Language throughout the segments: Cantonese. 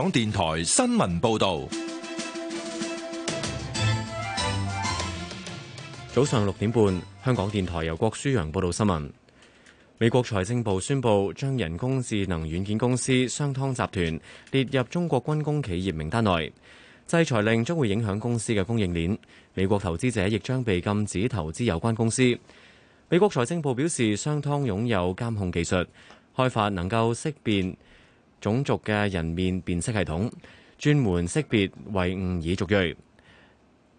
香港電台新聞報道，早上六點半，香港電台由郭舒揚報道新聞。美國財政部宣布將人工智能軟件公司商湯集團列入中國軍工企業名單內，制裁令將會影響公司嘅供應鏈，美國投資者亦將被禁止投資有關公司。美國財政部表示，商湯擁有監控技術，開發能夠識辨。種族嘅人面辨識系統，專門識別維吾爾族裔。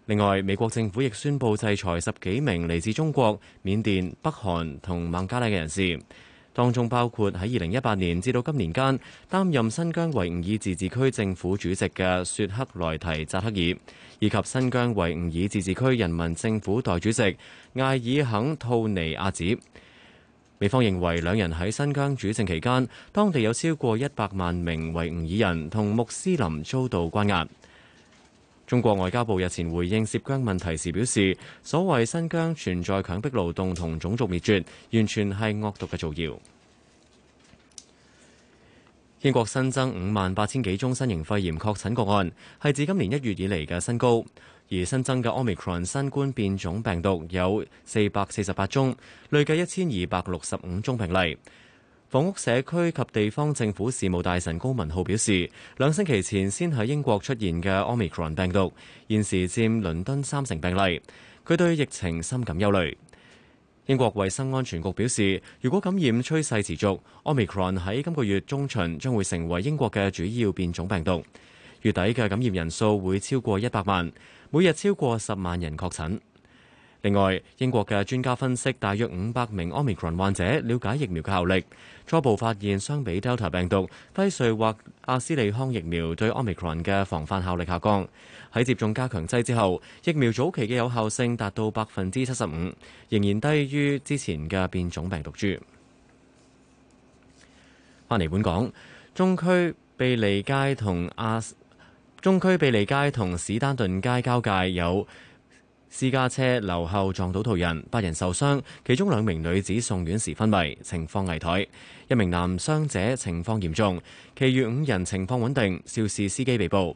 另外，美國政府亦宣佈制裁十幾名嚟自中國、緬甸、北韓同孟加拉嘅人士，當中包括喺二零一八年至到今年間擔任新疆維吾爾自治區政府主席嘅雪克來提扎克爾，以及新疆維吾爾自治區人民政府代主席艾爾肯吐尼亞孜。美方認為兩人喺新疆主政期間，當地有超過一百萬名維吾爾人同穆斯林遭到關押。中國外交部日前回應涉疆問題時表示，所謂新疆存在強迫勞動同種族滅絕，完全係惡毒嘅造謠。英國新增五萬八千幾宗新型肺炎確診個案，係自今年一月以嚟嘅新高。而新增嘅 omicron 新冠變種病毒有四百四十八宗，累計一千二百六十五宗病例。房屋社區及地方政府事務大臣高文浩表示，兩星期前先喺英國出現嘅 omicron 病毒，現時佔倫敦三成病例。佢對疫情深感憂慮。英國衛生安全局表示，如果感染趨勢持續，omicron 喺今個月中旬將會成為英國嘅主要變種病毒，月底嘅感染人數會超過一百萬。每日超過十萬人確診。另外，英國嘅專家分析，大約五百名 Omicron 患者了解疫苗嘅效力，初步發現相比 Delta 病毒，輝瑞或阿斯利康疫苗對 Omicron 嘅防範效力下降。喺接種加強劑之後，疫苗早期嘅有效性達到百分之七十五，仍然低於之前嘅變種病毒株。翻嚟本港，中區庇利街同亞。中區庇利街同史丹頓街交界有私家車留後撞到途人，八人受傷，其中兩名女子送院時昏迷，情況危殆；一名男傷者情況嚴重，其餘五人情況穩定。肇事司機被捕。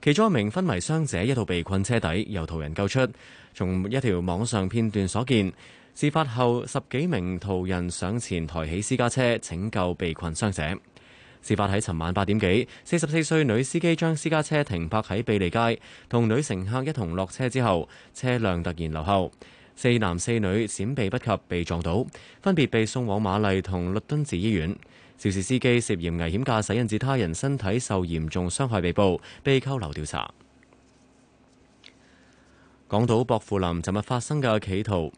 其中一名昏迷傷者一度被困車底，由途人救出。從一條網上片段所見，事發後十幾名途人上前抬起私家車拯救被困傷者。事發喺尋晚八點幾，四十四歲女司機將私家車停泊喺卑利街，同女乘客一同落車之後，車輛突然流後，四男四女閃避不及被撞倒，分別被送往瑪麗同律敦治醫院。肇事司機涉嫌危險駕駛，引致他人身體受嚴重傷害被，被捕被扣留調查。港島薄扶林尋日發生嘅企圖，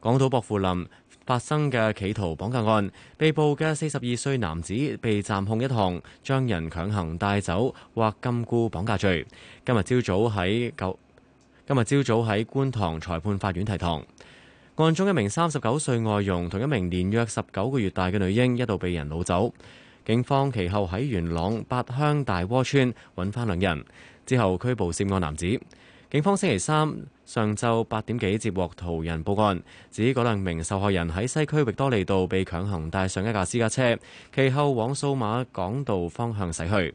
港島薄扶林。發生嘅企圖綁架案，被捕嘅四十二歲男子被暫控一項將人強行帶走或禁錮綁架罪。今日朝早喺九，今日朝早喺觀塘裁判法院提堂。案中一名三十九歲外傭同一名年約十九個月大嘅女嬰一度被人擄走，警方其後喺元朗八鄉大窩村搵翻兩人，之後拘捕涉案男子。警方星期三上晝八點幾接獲途人報案，指嗰兩名受害人喺西區域多利道被強行帶上一架私家車，其後往數碼港道方向駛去。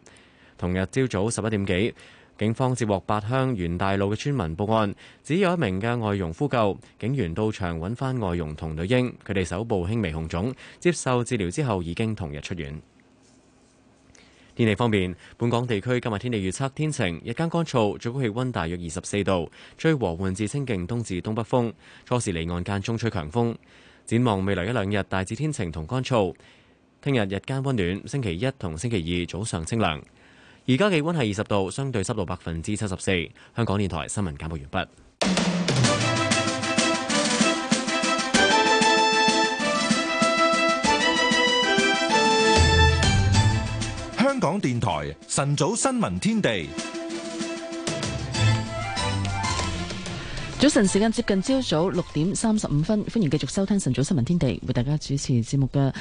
同日朝早十一點幾，警方接獲八鄉元大路嘅村民報案，指有一名嘅外傭呼救，警員到場揾翻外傭同女嬰，佢哋手部輕微紅腫，接受治療之後已經同日出院。天氣方面，本港地區今日天氣預測天晴，日間乾燥，最高氣溫大約二十四度，吹和緩至清勁東至東北風，初時離岸間中吹強風。展望未來一兩日，大致天晴同乾燥。聽日日間溫暖，星期一同星期二早上清涼。而家氣溫係二十度，相對濕度百分之七十四。香港電台新聞簡報完畢。港電台晨早新聞天地，早晨時間接近朝早六點三十五分，歡迎繼續收聽晨早新聞天地，為大家主持節目嘅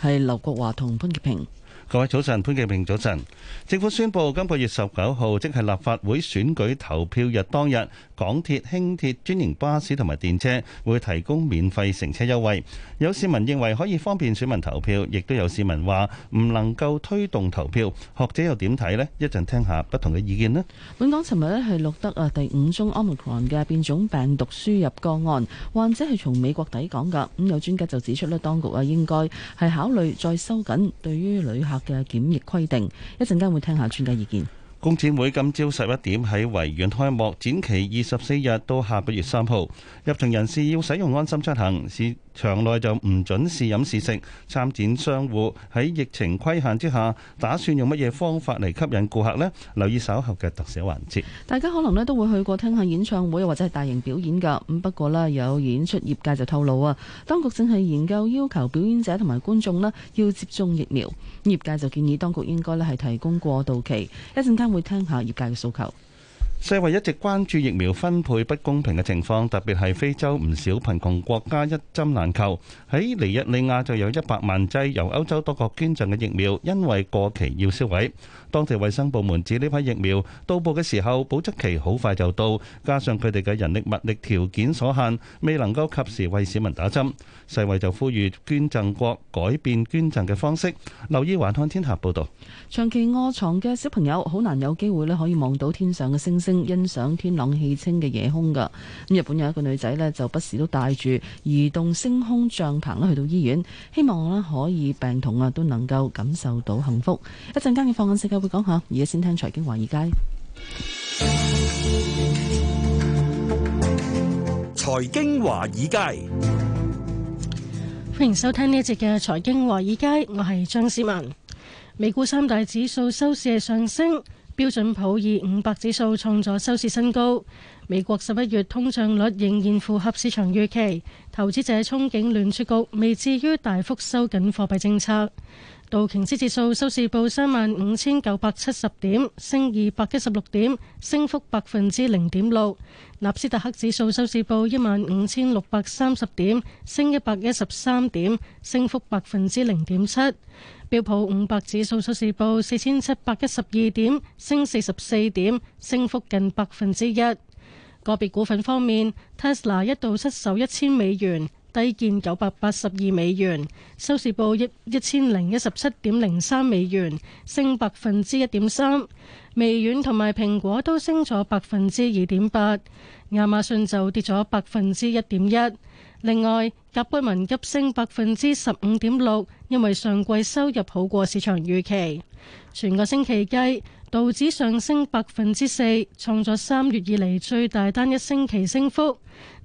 係劉國華同潘潔平。各位早晨，潘潔平早晨。政府宣布今個月十九號，即係立法會選舉投票日當日，港鐵、輕鐵、專營巴士同埋電車會提供免費乘車優惠。有市民認為可以方便選民投票，亦都有市民話唔能夠推動投票。學者又點睇呢？一陣聽下不同嘅意見啦。本港尋日咧係錄得啊第五宗 Omicron 嘅變種病毒輸入個案，患者係從美國抵港㗎。咁有專家就指出咧，當局啊應該係考慮再收緊對於旅客嘅檢疫規定。一陣間會聽下專家意見。工展會今朝十一點喺維園開幕，展期二十四日到下個月三號，入場人士要使用安心出行，市場內就唔准試飲試食。參展商戶喺疫情規限之下，打算用乜嘢方法嚟吸引顧客咧？留意稍後嘅特寫環節，大家可能咧都會去過聽下演唱會或者係大型表演噶，咁不過咧有演出業界就透露啊，當局正係研究要求表演者同埋觀眾咧要接種疫苗。業界就建議當局應該咧係提供過渡期，一陣間。會聽下業界嘅訴求。世衛一直關注疫苗分配不公平嘅情況，特別係非洲唔少貧窮國家一針難求。喺尼日利亞就有一百萬劑由歐洲多國捐贈嘅疫苗，因為過期要銷毀。當地衛生部門指呢批疫苗到埗嘅時候，保質期好快就到，加上佢哋嘅人力物力條件所限，未能夠及時為市民打針。世衛就呼籲捐贈國改變捐贈嘅方式。留意環看天下報導，長期臥床嘅小朋友好難有機會咧可以望到天上嘅星星，欣賞天朗氣清嘅夜空㗎。日本有一個女仔呢，就不時都帶住移動星空帳篷咧去到醫院，希望咧可以病童啊都能夠感受到幸福。一陣間嘅放眼世界。我會講下，而家先聽財經華爾街。財經華爾街，歡迎收聽呢一節嘅財經華爾街。我係張市民。美股三大指數收市上升，標準普爾五百指數創咗收市新高。美國十一月通脹率仍然符合市場預期，投資者憧憬聯儲局未至於大幅收緊貨幣政策。道瓊斯指數收市報三萬五千九百七十點，升二百一十六點，升幅百分之零點六。納斯達克指數收市報一萬五千六百三十點，升一百一十三點，升幅百分之零點七。標普五百指數收市報四千七百一十二點，升四十四點，升幅近百分之一。個別股份方面，Tesla 一度失守一千美元。低見九百八十二美元，收市報一一千零一十七點零三美元，升百分之一點三。微軟同埋蘋果都升咗百分之二點八，亞馬遜就跌咗百分之一點一。另外，甲骨文急升百分之十五點六，因為上季收入好過市場預期。全個星期計。道指上升百分之四，創咗三月以嚟最大單一星期升幅；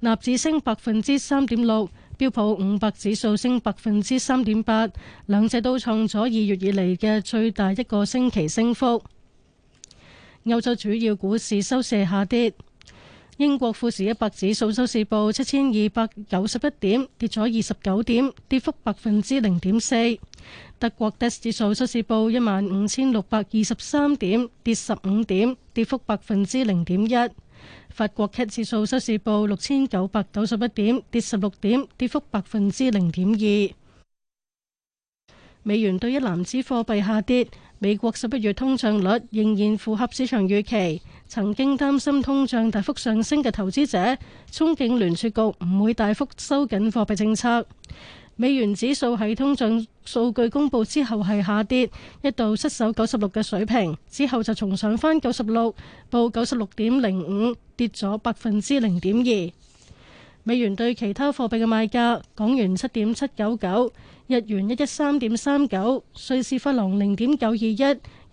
納指升百分之三點六，標普五百指數升百分之三點八，兩者都創咗二月以嚟嘅最大一個星期升幅。歐洲主要股市收市下跌。英國富時一百指數收市報七千二百九十一點，跌咗二十九點，跌幅百分之零點四。德國 DAX 指數收市報一萬五千六百二十三點，跌十五點，跌幅百分之零點一。法國 CAC 指數收市報六千九百九十一點，跌十六點，跌幅百分之零點二。美元兌一籃子貨幣下跌，美國十一月通脹率仍然符合市場預期。曾經擔心通脹大幅上升嘅投資者，憧憬聯儲局唔會大幅收緊貨幣政策。美元指數喺通脹數據公佈之後係下跌，一度失守九十六嘅水平，之後就重上返九十六，報九十六點零五，跌咗百分之零點二。美元對其他貨幣嘅賣價：港元七點七九九，日元一一三點三九，瑞士法郎零點九二一。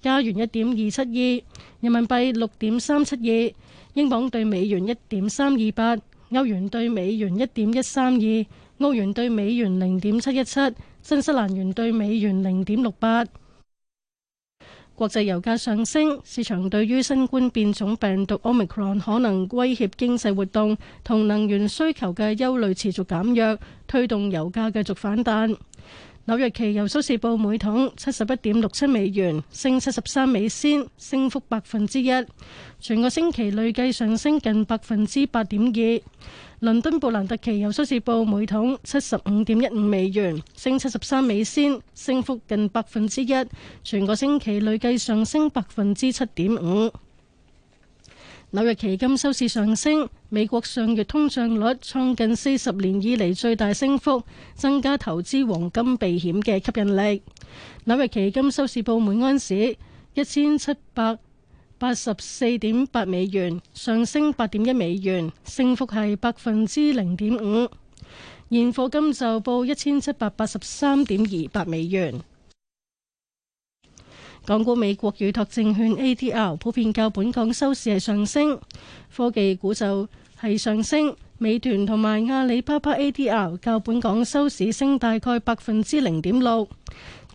加元一點二七二，2，人民幣六點三七二，英鎊對美元一點三二八，歐元對美元一點一三二，澳元對美元零點七一七，新西蘭元對美元零點六八。國際油價上升，市場對於新冠變種病毒 Omicron 可能威脅經濟活動同能源需求嘅憂慮持續減弱，推動油價繼續反彈。紐約期油收市報每桶七十一點六七美元，升七十三美仙，升幅百分之一，全個星期累計上升近百分之八點二。倫敦布蘭特期油收市報每桶七十五點一五美元，升七十三美仙，升幅近百分之一，全個星期累計上升百分之七點五。紐約期金收市上升。美國上月通脹率創近四十年以嚟最大升幅，增加投資黃金避險嘅吸引力。紐約期金收市報每盎司一千七百八十四點八美元，上升八點一美元，升幅係百分之零點五。現貨金就報一千七百八十三點二八美元。港股美國預託證券 ADR 普遍較本港收市係上升，科技股就係上升，美團同埋阿里巴巴 ADR 較本港收市升大概百分之零點六。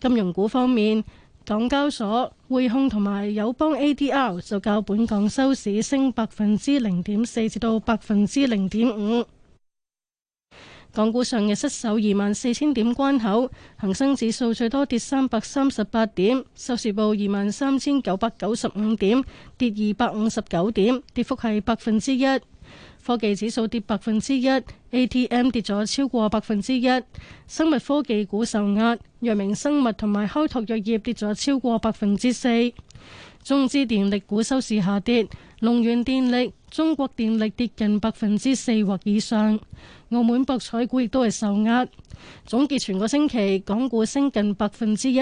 金融股方面，港交所、匯控同埋友邦 ADR 就較本港收市升百分之零點四至到百分之零點五。港股上日失守二萬四千點關口，恒生指數最多跌三百三十八點，收市報二萬三千九百九十五點，跌二百五十九點，跌幅係百分之一。科技指數跌百分之一，ATM 跌咗超過百分之一，生物科技股受壓，藥明生物同埋開拓藥業跌咗超過百分之四。中資電力股收市下跌，龍源電力、中國電力跌近百分之四或以上。澳門博彩股亦都係受壓。總結全個星期，港股升近百分之一。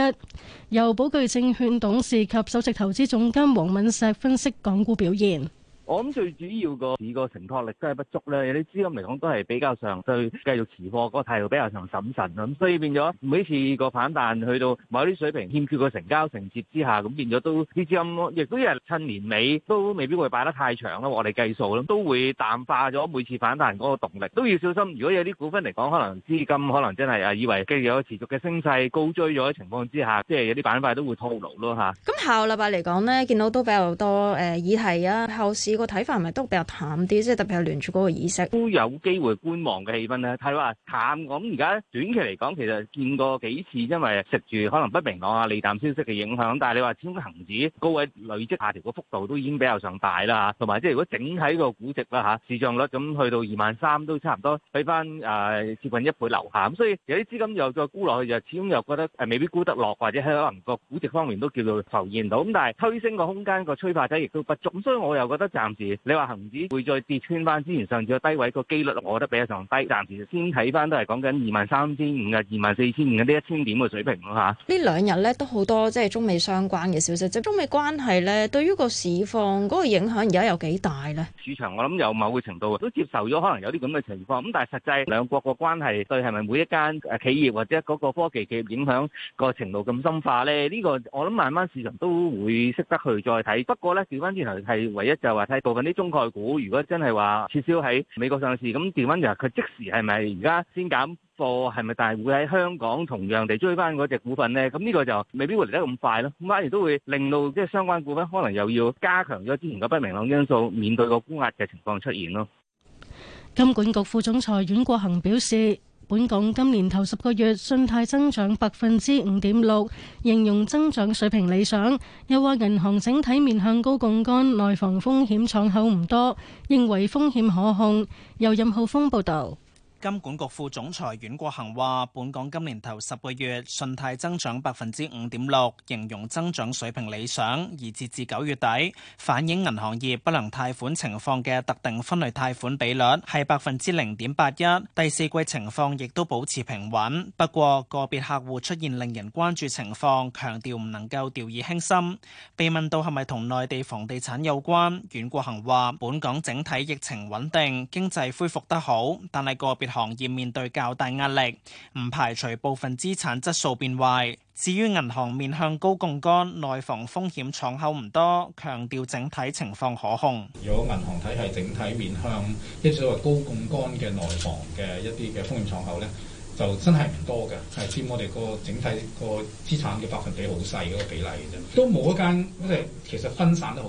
由寶鉅證券董事及首席投資總監黃敏石分析港股表現。我諗最主要個市個承托力都係不足咧，有啲資金嚟講都係比較上對繼續持貨嗰個態度比較上審慎，咁所以變咗每次個反彈去到某啲水平欠缺個成交承接之下，咁變咗都咁金亦都因為趁年尾都未必會擺得太長啦，我哋計數啦，都會淡化咗每次反彈嗰個動力，都要小心。如果有啲股份嚟講，可能資金可能真係啊以為繼續有持續嘅升勢高追咗嘅情況之下，即係有啲板塊都會套牢咯嚇。咁、啊、下個禮拜嚟講咧，見到都比較多誒、呃、議題啊後市。個睇法係咪都比較淡啲，即係特別係連住嗰個意識都有機會觀望嘅氣氛咧？係話淡咁，而家短期嚟講，其實見過幾次，因為食住可能不明朗啊利淡消息嘅影響。但係你話，始終恒指高位累積下調嘅幅度都已經比較上大啦，同埋即係如果整體個估值啦嚇市賬率咁去到二萬三都差唔多，比翻誒接近一倍樓下。咁所以有啲資金又再沽落去，就始終又覺得誒、呃、未必沽得落，或者喺可能個估值方面都叫做浮現到。咁但係推升個空間個催化劑亦都不足。所以我又覺得暫時你話恒指會再跌穿翻之前上次嘅低位個機率，我覺得比較上低。暫時先睇翻都係講緊二萬三千五呀、二萬四千五呀呢一千點嘅水平咯嚇。兩呢兩日咧都好多即係中美相關嘅消息，即中美關係咧對於個市況嗰個影響而家有幾大咧？市場我諗有某個程度都接受咗，可能有啲咁嘅情況。咁但係實際兩國個關係對係咪每一間企業或者嗰個科技企業影響個程度咁深化咧？呢、這個我諗慢慢市場都會識得去再睇。不過咧調翻轉頭係唯一就話、是。大部分啲中概股，如果真係話撤銷喺美國上市，咁點樣？又佢即時係咪而家先減貨，係咪但係會喺香港同樣地追翻嗰隻股份咧？咁呢個就未必會嚟得咁快咯。咁反而都會令到即係相關股份可能又要加強咗之前嘅不明朗因素，面對個沽壓嘅情況出現咯。金管局副總裁阮國恒表示，本港今年頭十個月信貸增長百分之五點六，形容增長水平理想。又話銀行整體面向高槓桿、內房風險敞口唔多，認為風險可控。由任浩峰報導。金管局副總裁阮國恒話：本港今年頭十個月信貸增長百分之五點六，形容增長水平理想。而截至九月底，反映銀行業不良貸款情況嘅特定分類貸款比率係百分之零點八一，第四季情況亦都保持平穩。不過個別客戶出現令人關注情況，強調唔能夠掉以輕心。被問到係咪同內地房地產有關，阮國恒話：本港整體疫情穩定，經濟恢復得好，但係個別。行業面對較大壓力，唔排除部分資產質素變壞。至於銀行面向高槓桿、內房風險敞口唔多，強調整體情況可控。如果銀行體系整體面向即係所謂高槓桿嘅內房嘅一啲嘅風險敞口咧，就真係唔多嘅，係佔我哋個整體個資產嘅百分比好細嗰個比例嘅啫。都冇一間即係其實分散得好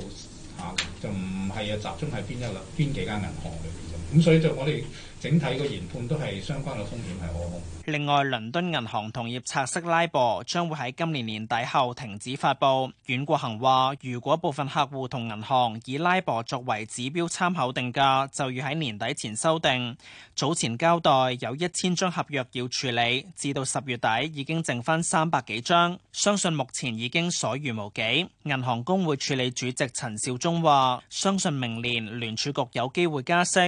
啊，就唔係啊集中喺邊一粒邊幾間銀行裏邊啫。咁所以就我哋。整體個研判都係相關嘅風險係可控。另外，倫敦銀行同業拆息拉波將會喺今年年底後停止發佈。阮國恒話：如果部分客戶同銀行以拉波作為指標參考定價，就要喺年底前修訂。早前交代有一千張合約要處理，至到十月底已經剩翻三百幾張，相信目前已經所餘無幾。銀行公會處理主席陳少忠話：相信明年聯儲局有機會加息，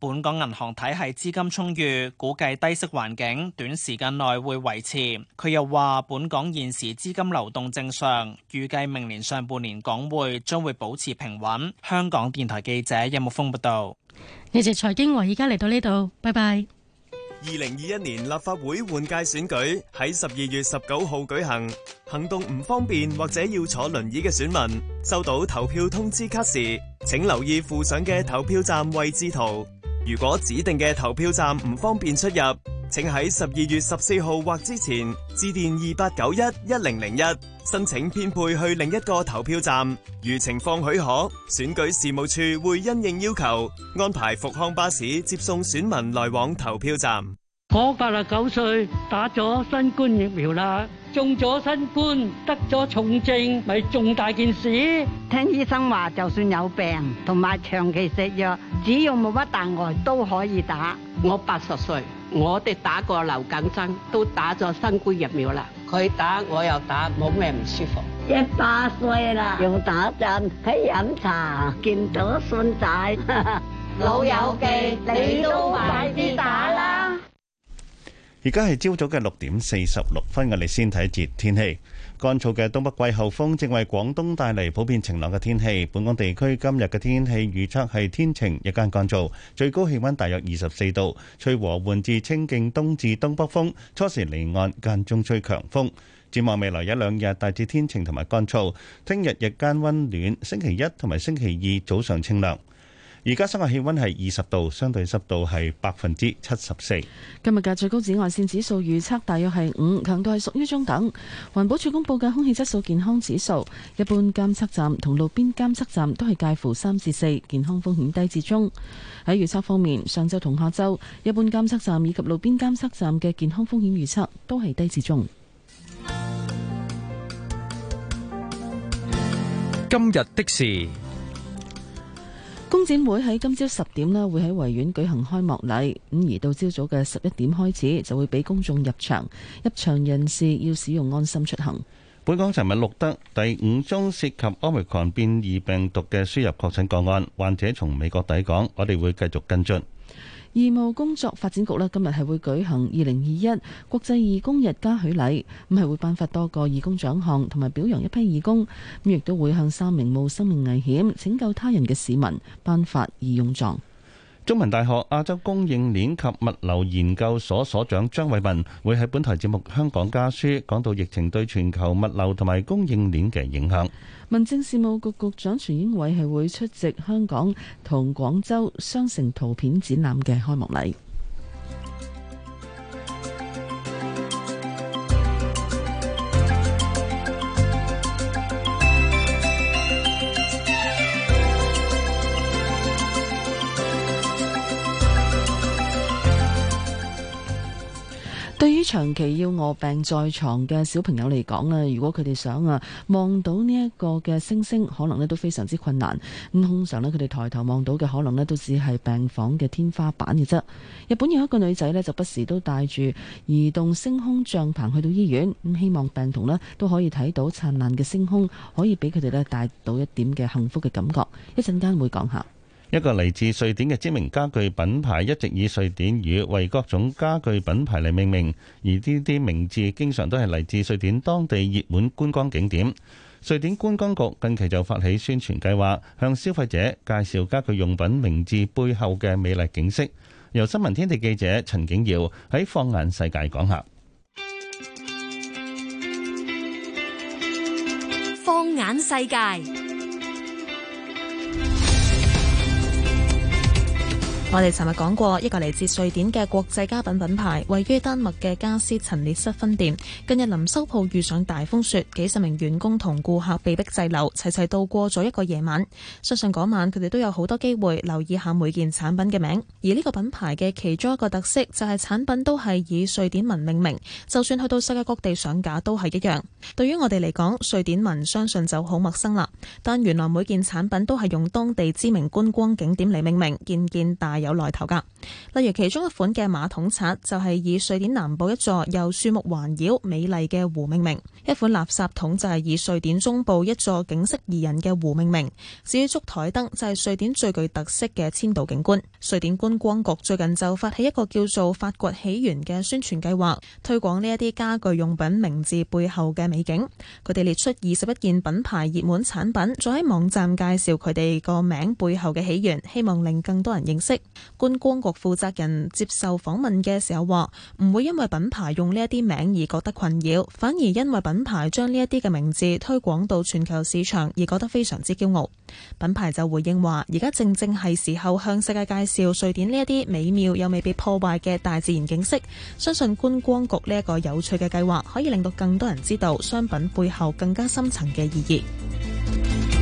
本港銀行體系係資金充裕，估計低息環境短時間內會維持。佢又話，本港現時資金流動正常，預計明年上半年港匯將會保持平穩。香港電台記者任木峰報道。呢節財經話而家嚟到呢度，拜拜。二零二一年立法會換屆選舉喺十二月十九號舉行。行動唔方便或者要坐輪椅嘅選民收到投票通知卡時，請留意附上嘅投票站位置圖。如果指定嘅投票站唔方便出入，請喺十二月十四號或之前致電二八九一一零零一申請編配去另一個投票站。如情況許可，選舉事務處會因應要求安排復康巴士接送選民來往投票站。我八十九歲，打咗新冠疫苗啦。中咗新冠，得咗重症，咪重大件事。聽醫生話，就算有病同埋長期食藥，只要冇乜大礙都可以打。我八十歲，我哋打過流感針，都打咗新冠疫苗啦。佢打，我又打，冇咩唔舒服。一百歲啦，用打針。喺飲茶，見到孫仔，老友記，你都快啲打啦。而家係朝早嘅六點四十六分，我哋先睇一節天氣。乾燥嘅東北季候風正為廣東帶嚟普遍晴朗嘅天氣。本港地區今日嘅天氣預測係天晴，日間乾燥，最高氣溫大約二十四度。吹和緩至清勁東至東北風，初時離岸，間中吹強風。展望未來一兩日，大致天晴同埋乾燥。聽日日間溫暖，星期一同埋星期二早上清涼。而家室外氣溫係二十度，相對濕度係百分之七十四。今日嘅最高紫外線指數預測大約係五，強度係屬於中等。環保署公布嘅空氣質素健康指數，一般監測站同路邊監測站都係介乎三至四，健康風險低至中。喺預測方面，上晝同下晝一般監測站以及路邊監測站嘅健康風險預測都係低至中。今日的事。工展會喺今朝十點咧會喺維園舉行開幕禮，咁而到朝早嘅十一點開始，就會俾公眾入場，入場人士要使用安心出行。本港尋日錄得第五宗涉及奧密克戎變異病毒嘅輸入確診個案，患者從美國抵港，我哋會繼續跟進。義務工作發展局呢今日係會舉行二零二一國際義工日嘉許禮，咁係會頒發多個義工獎項，同埋表揚一批義工，咁亦都會向三名冒生命危險拯救他人嘅市民頒發義勇狀。中文大學亞洲供應鏈及物流研究所所長張偉文會喺本台節目《香港家書》講到疫情對全球物流同埋供應鏈嘅影響。民政事務局局長徐英偉係會出席香港同廣州雙城圖片展覽嘅開幕禮。長期要臥病在床嘅小朋友嚟講呢，如果佢哋想啊望到呢一個嘅星星，可能呢都非常之困難。咁通常呢，佢哋抬頭望到嘅可能呢，都只係病房嘅天花板嘅啫。日本有一個女仔呢，就不時都帶住移動星空帳篷去到醫院，咁希望病童呢，都可以睇到燦爛嘅星空，可以俾佢哋呢帶到一點嘅幸福嘅感覺。會會一陣間會講下。一個嚟自瑞典嘅知名家具品牌，一直以瑞典語為各種家具品牌嚟命名，而呢啲名字經常都係嚟自瑞典當地熱門觀光景點。瑞典觀光局近期就發起宣傳計劃，向消費者介紹家具用品名字背後嘅美麗景色。由新聞天地記者陳景耀喺放眼世界講下。放眼世界。我哋尋日講過一個嚟自瑞典嘅國際家品品牌，位於丹麥嘅家私陳列室分店，近日臨收鋪遇上大風雪，幾十名員工同顧客被迫滯留，齊齊度過咗一個夜晚。相信嗰晚佢哋都有好多機會留意下每件產品嘅名。而呢個品牌嘅其中一個特色就係產品都係以瑞典文命名，就算去到世界各地上架都係一樣。對於我哋嚟講，瑞典文相信就好陌生啦。但原來每件產品都係用當地知名觀光景點嚟命名，件件大有來頭噶例如其中一款嘅馬桶刷就係、是、以瑞典南部一座由樹木環繞美麗嘅湖命名，一款垃圾桶就係以瑞典中部一座景色宜人嘅湖命名。至於燭台燈就係、是、瑞典最具特色嘅千島景觀。瑞典觀光局最近就發起一個叫做“發掘起源”嘅宣傳計劃，推廣呢一啲家具用品名字背後嘅美景。佢哋列出二十一件品牌熱門產品，再喺網站介紹佢哋個名背後嘅起源，希望令更多人認識。觀光局負責人接受訪問嘅時候話，唔會因為品牌用呢一啲名而覺得困擾，反而因為品牌將呢一啲嘅名字推廣到全球市場而覺得非常之驕傲。品牌就回應話，而家正正係時候向世界介紹瑞典呢一啲美妙又未被破壞嘅大自然景色，相信觀光局呢一個有趣嘅計劃可以令到更多人知道商品背後更加深層嘅意義。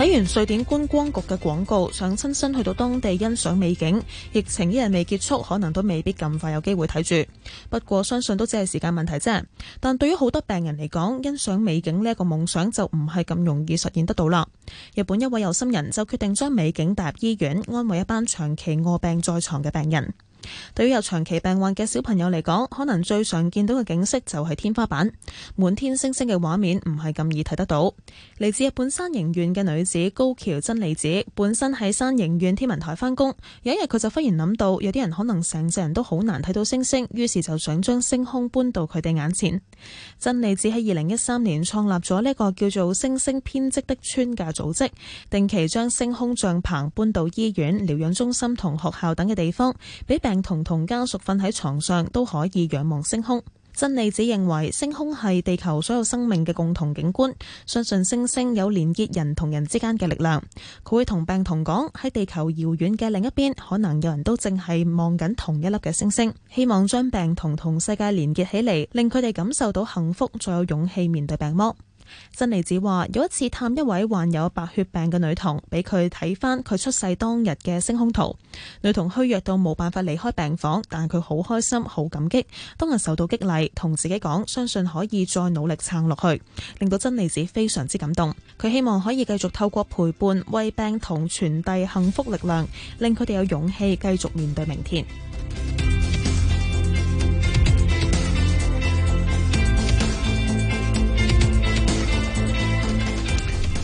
睇完瑞典觀光局嘅廣告，想親身去到當地欣賞美景，疫情依然未結束，可能都未必咁快有機會睇住。不過相信都只係時間問題啫。但對於好多病人嚟講，欣賞美景呢一個夢想就唔係咁容易實現得到啦。日本一位有心人就決定將美景帶入醫院，安慰一班長期臥病在床嘅病人。對於有長期病患嘅小朋友嚟講，可能最常見到嘅景色就係天花板，滿天星星嘅畫面唔係咁易睇得到。嚟自日本山形縣嘅女子高橋真理子，本身喺山形縣天文台返工，有一日佢就忽然諗到，有啲人可能成世人都好難睇到星星，於是就想將星空搬到佢哋眼前。真理只喺二零一三年創立咗呢個叫做星星編織的村嘅組織，定期將星空帳篷搬到醫院、療養中心同學校等嘅地方，俾病童同家屬瞓喺床上都可以仰望星空。真理子認為星空係地球所有生命嘅共同景觀，相信星星有連結人同人之間嘅力量。佢會同病童講喺地球遙遠嘅另一邊，可能有人都淨係望緊同一粒嘅星星，希望將病童同世界連結起嚟，令佢哋感受到幸福，再有勇氣面對病魔。真妮子話：有一次探一位患有白血病嘅女童，俾佢睇翻佢出世當日嘅星空圖。女童虛弱到冇辦法離開病房，但佢好開心，好感激當日受到激勵，同自己講，相信可以再努力撐落去，令到真妮子非常之感動。佢希望可以繼續透過陪伴，為病童傳遞幸福力量，令佢哋有勇氣繼續面對明天。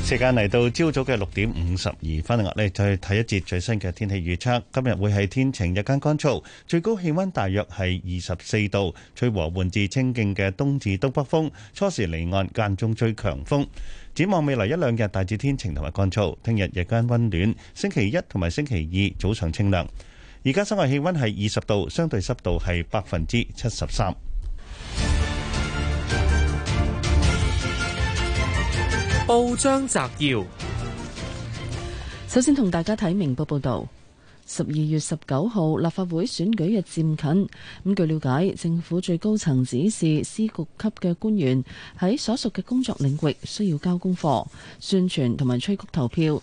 時間嚟到朝早嘅六點五十二分，我哋再睇一節最新嘅天氣預測。今日會係天晴，日間乾燥，最高氣溫大約係二十四度，吹和緩至清勁嘅東至東北風，初時離岸間中吹強風。展望未來一兩日，大致天晴同埋乾燥。聽日日間溫暖，星期一同埋星期二早上清涼。而家室外氣溫係二十度，相對濕度係百分之七十三。報章摘要：首先同大家睇明報報道，十二月十九號立法會選舉日漸近。咁據了解，政府最高層指示司局級嘅官員喺所屬嘅工作領域需要交功課、宣傳同埋催谷投票。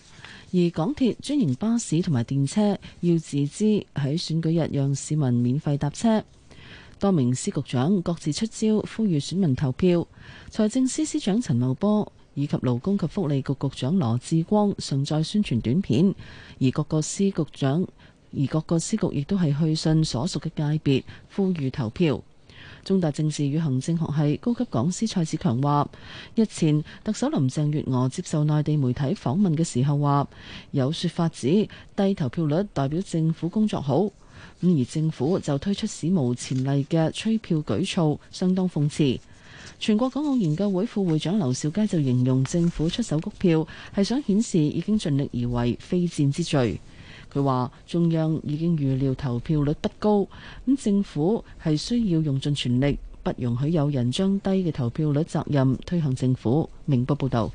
而港鐵專營巴士同埋電車要自資喺選舉日讓市民免費搭車。多名司局長各自出招，呼籲選,選民投票。財政司司長陳茂波。以及勞工及福利局局長羅志光上載宣傳短片，而各個司局長而各個司局亦都係去信所屬嘅界別，呼籲投票。中大政治與行政學系高級講師蔡志強話：日前特首林鄭月娥接受內地媒體訪問嘅時候話，有説法指低投票率代表政府工作好，咁而政府就推出史無前例嘅吹票舉措，相當諷刺。全國港澳研究會副會長劉兆佳就形容政府出手谷票係想顯示已經盡力而為，非戰之罪。佢話中央已經預料投票率不高，咁政府係需要用盡全力，不容許有人將低嘅投票率責任推向政府。明報報道。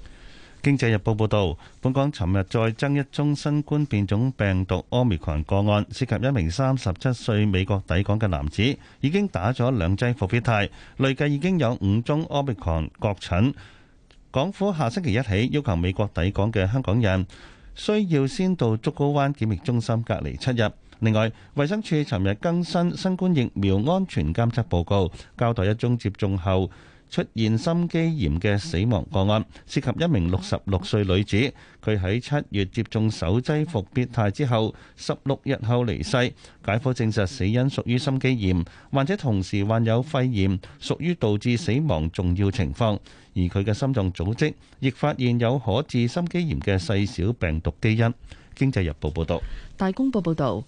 經濟日報報道，本港尋日再增一宗新冠變種病毒 Omicron 個案，涉及一名三十七歲美國抵港嘅男子，已經打咗兩劑復必泰，累計已經有五宗 Omicron 確診。港府下星期一起要求美國抵港嘅香港人需要先到竹篙灣檢疫中心隔離七日。另外，衛生署尋日更新新冠疫苗安全監測報告，交代一宗接種後。出現心肌炎嘅死亡個案，涉及一名六十六歲女子。佢喺七月接種首劑復必泰之後，十六日後離世。解剖證實死因屬於心肌炎，患者同時患有肺炎，屬於導致死亡重要情況。而佢嘅心臟組織亦發現有可致心肌炎嘅細小病毒基因。經濟日報報道，大公報報道。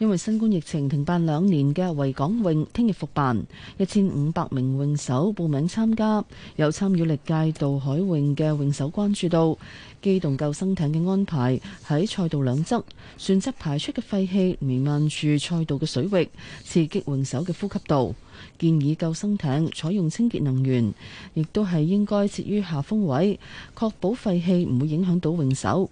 因為新冠疫情停辦兩年嘅維港泳，聽日復辦，一千五百名泳手報名參加。有參與歷屆渡海泳嘅泳手關注到，機動救生艇嘅安排喺賽道兩側，船側排出嘅廢氣彌漫住賽道嘅水域，刺激泳手嘅呼吸道。建議救生艇採用清潔能源，亦都係應該設於下風位，確保廢氣唔會影響到泳手。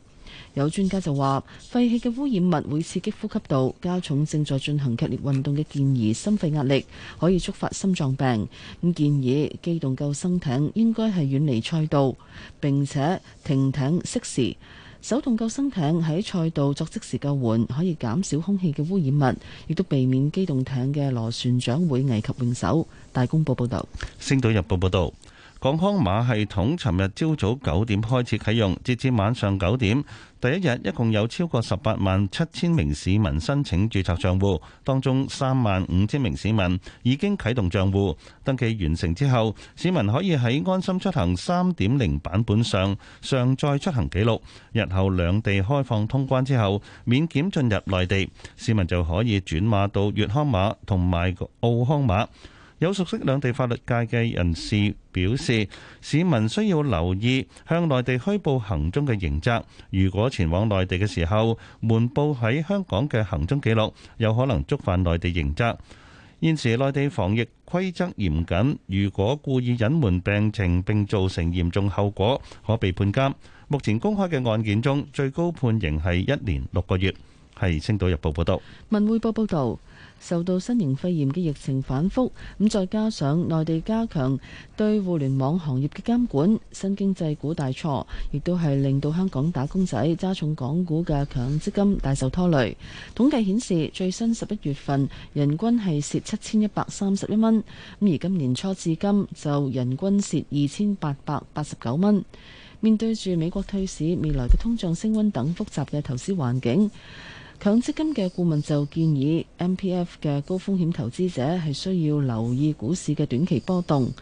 有專家就話，廢氣嘅污染物會刺激呼吸道，加重正在進行劇烈運動嘅健兒心肺壓力，可以觸發心臟病。咁建議機動救生艇應該係遠離賽道，並且停艇適時。手動救生艇喺賽道作即時救援，可以減少空氣嘅污染物，亦都避免機動艇嘅螺旋槳會危及泳手。大公報報道。《星島日報》報道。港康碼系統尋日朝早九點開始啟用，截至晚上九點，第一日一共有超過十八萬七千名市民申請註冊賬戶，當中三萬五千名市民已經啟動賬戶。登記完成之後，市民可以喺安心出行三點零版本上上載出行記錄。日後兩地開放通關之後，免檢進入內地，市民就可以轉碼到粵康碼同埋澳康碼。有熟悉兩地法律界嘅人士表示，市民需要留意向內地虛報行蹤嘅刑責。如果前往內地嘅時候，瞞報喺香港嘅行蹤記錄有可能觸犯內地刑責。現時內地防疫規則嚴謹，如果故意隱瞞病情並造成嚴重後果，可被判監。目前公開嘅案件中，最高判刑係一年六個月。係《青島日報》報道，《文匯報》報道。受到新型肺炎嘅疫情反覆，咁再加上內地加強對互聯網行業嘅監管，新經濟股大挫，亦都係令到香港打工仔揸重港股嘅強積金大受拖累。統計顯示，最新十一月份人均係蝕七千一百三十一蚊，咁而今年初至今就人均蝕二千八百八十九蚊。面對住美國退市、未來嘅通脹升溫等複雜嘅投資環境。強積金嘅顧問就建議，MPF 嘅高風險投資者係需要留意股市嘅短期波動，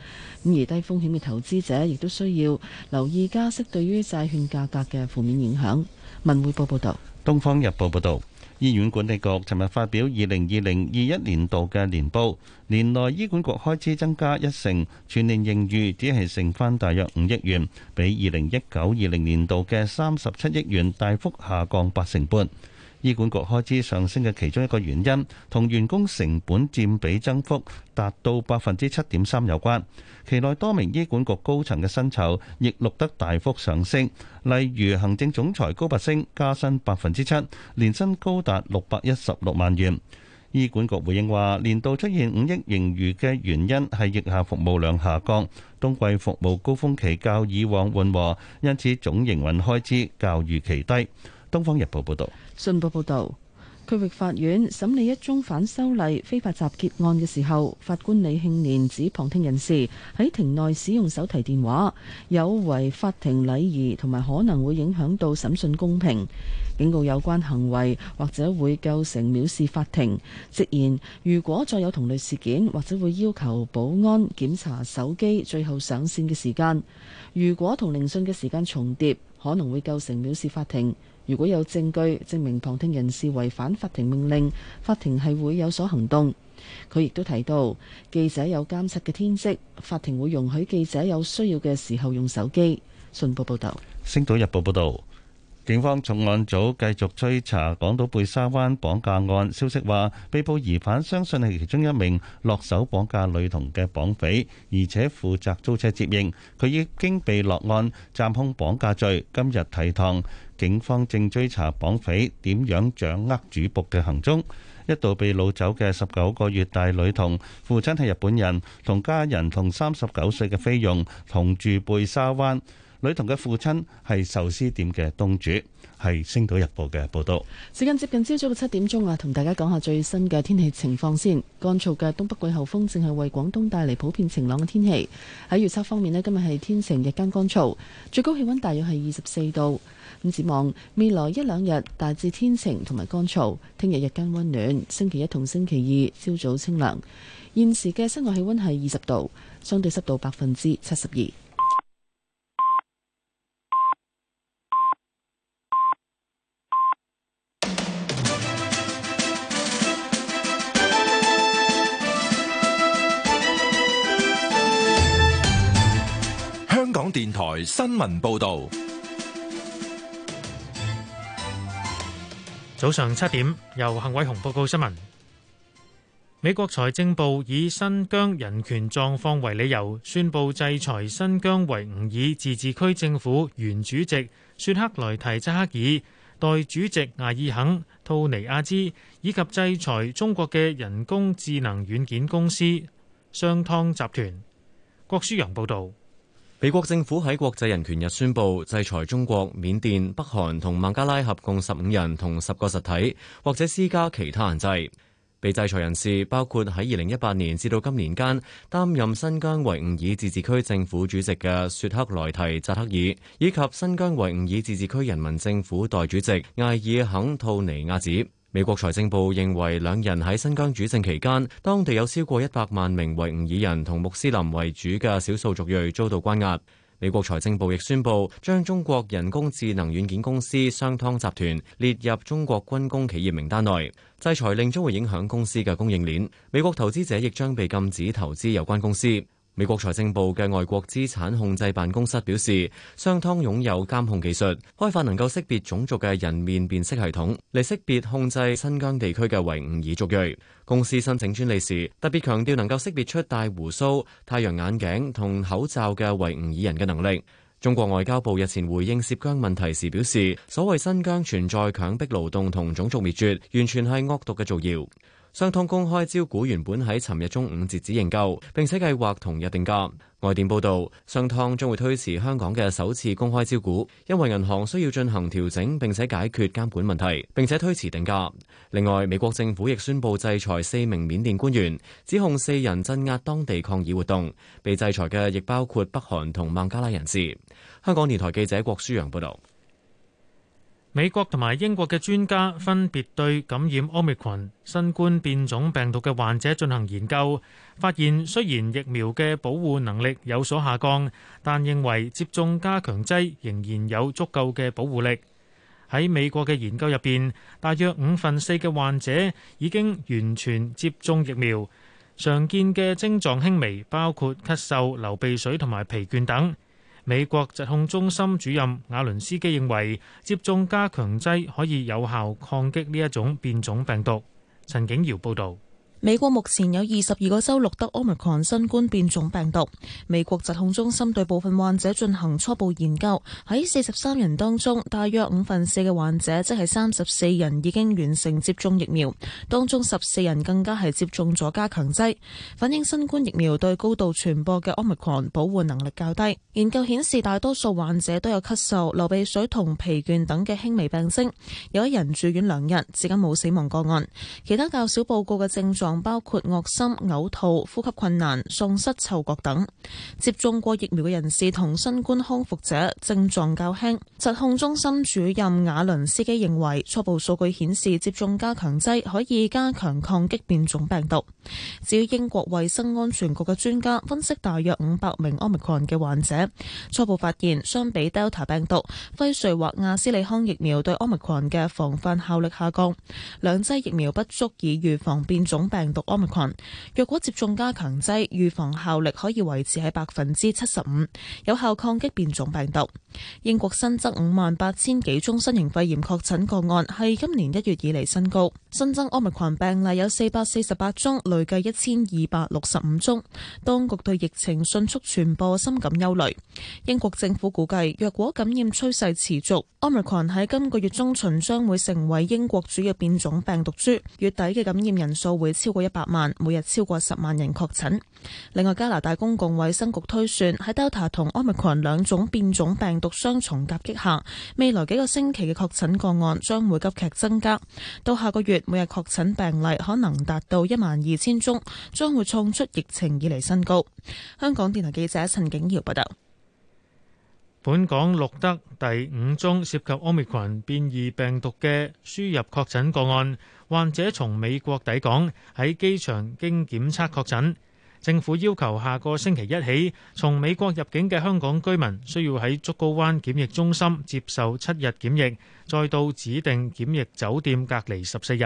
咁而低風險嘅投資者亦都需要留意加息對於債券價格嘅負面影響。文匯報報導，《東方日報》報導，醫院管理局尋日發表二零二零二一年度嘅年報，年內醫管局開支增加一成，全年盈餘只係剩返大約五億元，比二零一九二零年度嘅三十七億元大幅下降八成半。醫管局開支上升嘅其中一個原因，同員工成本佔比增幅達到百分之七點三有關。期內多名醫管局高層嘅薪酬亦錄得大幅上升，例如行政總裁高拔升加薪百分之七，年薪高達六百一十六萬元。醫管局回應話，年度出現五億盈餘嘅原因係疫下服務量下降，冬季服務高峰期較以往緩和，因此總營運開支較預期低。《東方日報》報導，《信報》報導，區域法院審理一宗反修例非法集結案嘅時候，法官李慶年指旁聽人士喺庭內使用手提電話，有違法庭禮儀，同埋可能會影響到審訊公平，警告有關行為或者會構成藐視法庭。直言，如果再有同類事件，或者會要求保安檢查手機最後上線嘅時間。如果同聆訊嘅時間重疊，可能會構成藐視法庭。如果有證據證明旁聽人士違反法庭命令，法庭係會有所行動。佢亦都提到，記者有監察嘅天職，法庭會容許記者有需要嘅時候用手機。信報報道，《星島日報》報道，警方重案組繼續追查港島貝沙灣綁架案。消息話，被捕疑犯相信係其中一名落手綁架女童嘅綁匪，而且負責租車接應。佢已經被落案暫控綁架罪，今日提堂。警方正追查綁匪，點樣掌握主僕嘅行蹤？一度被擄走嘅十九個月大女童，父親係日本人，同家人同三十九歲嘅菲傭同住貝沙灣。女童嘅父親係壽司店嘅東主。係《星島日報》嘅報道。時間接近朝早嘅七點鐘啊，同大家講下最新嘅天氣情況先。乾燥嘅東北季候風正係為廣東帶嚟普遍晴朗嘅天氣。喺預測方面咧，今日係天晴日間乾燥，最高氣温大約係二十四度。咁展望未來一兩日，大致天晴同埋乾燥。聽日日間溫暖，星期一同星期二朝早清涼。現時嘅室外氣溫係二十度，相對濕度百分之七十二。香港電台新聞報道。早上七點，由幸偉雄報告新聞。美國財政部以新疆人權狀況為理由，宣佈制裁新疆維吾爾自治區政府原主席雪克來提扎克爾、代主席艾爾肯吐尼亞孜，以及制裁中國嘅人工智能軟件公司商湯集團。郭書陽報道。美國政府喺國際人權日宣布制裁中國、緬甸、北韓同孟加拉合共十五人同十個實體，或者施加其他限制。被制裁人士包括喺二零一八年至到今年間擔任新疆維吾爾自治區政府主席嘅雪克來提扎克爾，以及新疆維吾爾自治區人民政府代主席艾爾肯吐尼亞子。美國財政部認為，兩人喺新疆主政期間，當地有超過一百萬名維吾爾人同穆斯林為主嘅少數族裔遭到關押。美國財政部亦宣布，將中國人工智能軟件公司商湯集團列入中國軍工企業名單內，制裁令將會影響公司嘅供應鏈，美國投資者亦將被禁止投資有關公司。美國財政部嘅外國資產控制辦公室表示，商湯擁有監控技術，開發能夠識別種族嘅人面辨識系統，嚟識別控制新疆地區嘅維吾爾族裔。公司申請專利時特別強調能夠識別出戴鬍鬚、太陽眼鏡同口罩嘅維吾爾人嘅能力。中國外交部日前回應涉疆問題時表示，所謂新疆存在強迫勞動同種族滅絕，完全係惡毒嘅造謠。商湯公開招股原本喺尋日中午截止認購，並且計劃同日定價。外電報道，商湯將會推遲香港嘅首次公開招股，因為銀行需要進行調整，並且解決監管問題，並且推遲定價。另外，美國政府亦宣布制裁四名緬甸官員，指控四人鎮壓當地抗議活動。被制裁嘅亦包括北韓同孟加拉人士。香港電台記者郭舒洋報道。美國同埋英國嘅專家分別對感染 Omicron 新冠變種病毒嘅患者進行研究，發現雖然疫苗嘅保護能力有所下降，但認為接種加強劑仍然有足夠嘅保護力。喺美國嘅研究入邊，大約五分四嘅患者已經完全接種疫苗，常見嘅症狀輕微，包括咳嗽、流鼻水同埋疲倦等。美國疾控中心主任瓦倫斯基認為，接種加強劑可以有效抗擊呢一種變種病毒。陳景瑤報導。美國目前有二十二個州錄得 Omicron 新冠變種病毒。美國疾控中心對部分患者進行初步研究，喺四十三人當中，大約五分四嘅患者，即係三十四人，已經完成接種疫苗，當中十四人更加係接種咗加強劑。反映新冠疫苗對高度傳播嘅 Omicron 保護能力較低。研究顯示，大多數患者都有咳嗽、流鼻水同疲倦等嘅輕微病徵，有一人住院兩日，至今冇死亡個案。其他較少報告嘅症狀。包括惡心、嘔吐、呼吸困難、喪失嗅覺等。接種過疫苗嘅人士同新冠康復者症狀較輕。疾控中心主任瓦倫斯基認為，初步數據顯示，接種加強劑可以加強抗擊變種病毒。至於英國衛生安全局嘅專家分析，大約五百名 Omicron 嘅患者，初步發現相比 Delta 病毒，輝瑞或阿斯利康疫苗對 Omicron 嘅防範效力下降，兩劑疫苗不足以預防變種病。病毒 Omicron，若果接種加強劑，預防效力可以維持喺百分之七十五，有效抗擊變種病毒。英國新增五萬八千幾宗新型肺炎確診個案，係今年一月以嚟新高。新增 Omicron 病例有四百四十八宗，累計一千二百六十五宗。當局對疫情迅速傳播深感憂慮。英國政府估計，若果感染趨勢持續，Omicron 喺今個月中旬將會成為英國主要變種病毒株，月底嘅感染人數會，超過一百萬，每日超過十萬人確診。另外，加拿大公共衛生局推算喺 Delta 同 Omicron 兩種變種病毒雙重夾擊下，未來幾個星期嘅確診個案將會急劇增加。到下個月，每日確診病例可能達到一萬二千宗，將會創出疫情以嚟新高。香港電台記者陳景堯報道。本港錄得第五宗涉及 Omicron 變異病毒嘅輸入確診個案。患者從美國抵港，喺機場經檢測確診，政府要求下個星期一起，從美國入境嘅香港居民需要喺竹篙灣檢疫中心接受七日檢疫，再到指定檢疫酒店隔離十四日。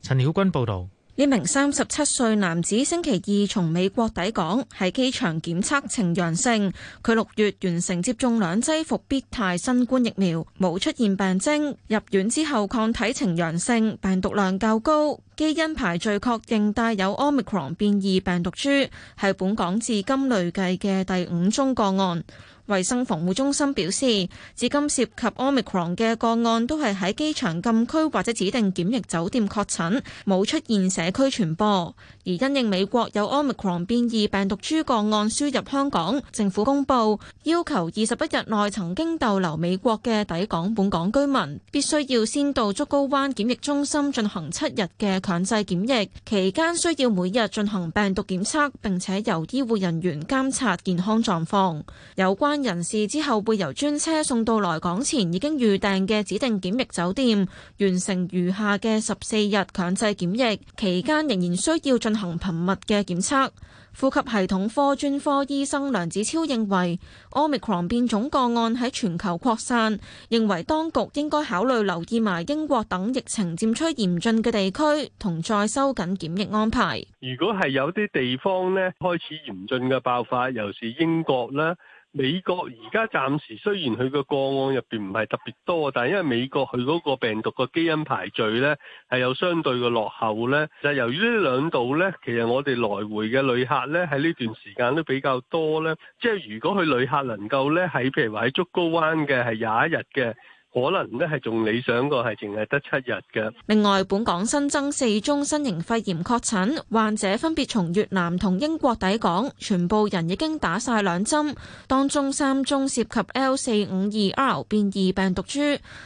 陳曉君報道。呢名三十七歲男子星期二從美國抵港，喺機場檢測呈陽性。佢六月完成接種兩劑復必泰新冠疫苗，冇出現病徵。入院之後抗體呈陽性，病毒量較高，基因排序確，確認帶有 Omicron 變異病毒株，係本港至今累計嘅第五宗個案。衛生防護中心表示，至今涉及 omicron 嘅個案都係喺機場禁區或者指定檢疫酒店確診，冇出現社區傳播。而因應美國有 omicron 變異病毒株個案輸入香港，政府公布要求二十一日內曾經逗留美國嘅抵港本港居民，必須要先到竹篙灣檢疫中心進行七日嘅強制檢疫，期間需要每日進行病毒檢測，並且由醫護人員監察健康狀況。有關人士之後會由專車送到來港前已經預訂嘅指定檢疫酒店，完成餘下嘅十四日強制檢疫期間，仍然需要進行頻密嘅檢測。呼吸系統科專科醫生梁子超認為，Omicron 變種個案喺全球擴散，認為當局應該考慮留意埋英國等疫情漸趨嚴峻嘅地區，同再收緊檢疫安排。如果係有啲地方呢開始嚴峻嘅爆發，尤其是英國呢。美國而家暫時雖然佢個個案入邊唔係特別多，但係因為美國佢嗰個病毒個基因排序呢係有相對嘅落後呢，就由於呢兩度呢，其實我哋來回嘅旅客呢喺呢段時間都比較多呢，即係、就是、如果佢旅客能夠呢喺譬如話喺竹篙灣嘅係廿一日嘅。可能咧係仲理想過係，淨係得七日嘅。另外，本港新增四宗新型肺炎確診患者，分別從越南同英國抵港，全部人已經打晒兩針。當中三宗涉及 L 四五二 R 變異病毒株，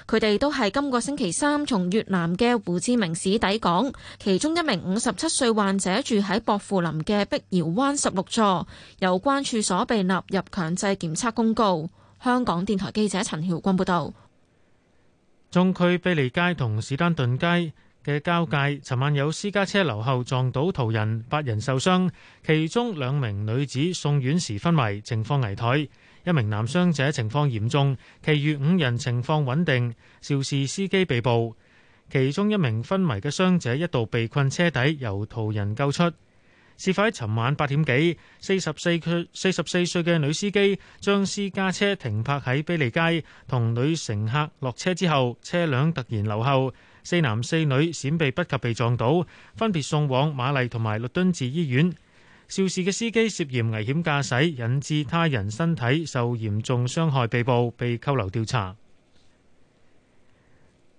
佢哋都係今個星期三從越南嘅胡志明市抵港。其中一名五十七歲患者住喺薄扶林嘅碧瑤灣十六座，有關處所被納入強制檢測公告。香港電台記者陳曉君報道。中區卑利街同史丹頓街嘅交界，尋晚有私家車流後撞到途人，八人受傷，其中兩名女子送院時昏迷，情況危殆；一名男傷者情況嚴重，其餘五人情況穩定。肇事司機被捕，其中一名昏迷嘅傷者一度被困車底，由途人救出。事發喺尋晚八點幾，四十四歲四十四歲嘅女司機將私家車停泊喺卑利街，同女乘客落車之後，車輛突然流後，四男四女閃避不及被撞倒，分別送往瑪麗同埋律敦治醫院。肇事嘅司機涉嫌危險駕駛，引致他人身體受嚴重傷害被捕，被扣留調查。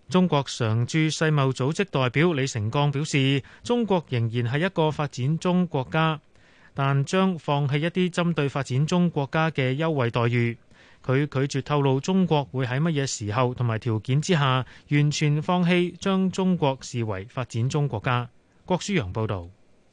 中國常駐世貿組織代表李成剛表示，中國仍然係一個發展中國家，但將放棄一啲針對發展中國家嘅優惠待遇。佢拒絕透露中國會喺乜嘢時候同埋條件之下完全放棄將中國視為發展中國家。郭書洋報道。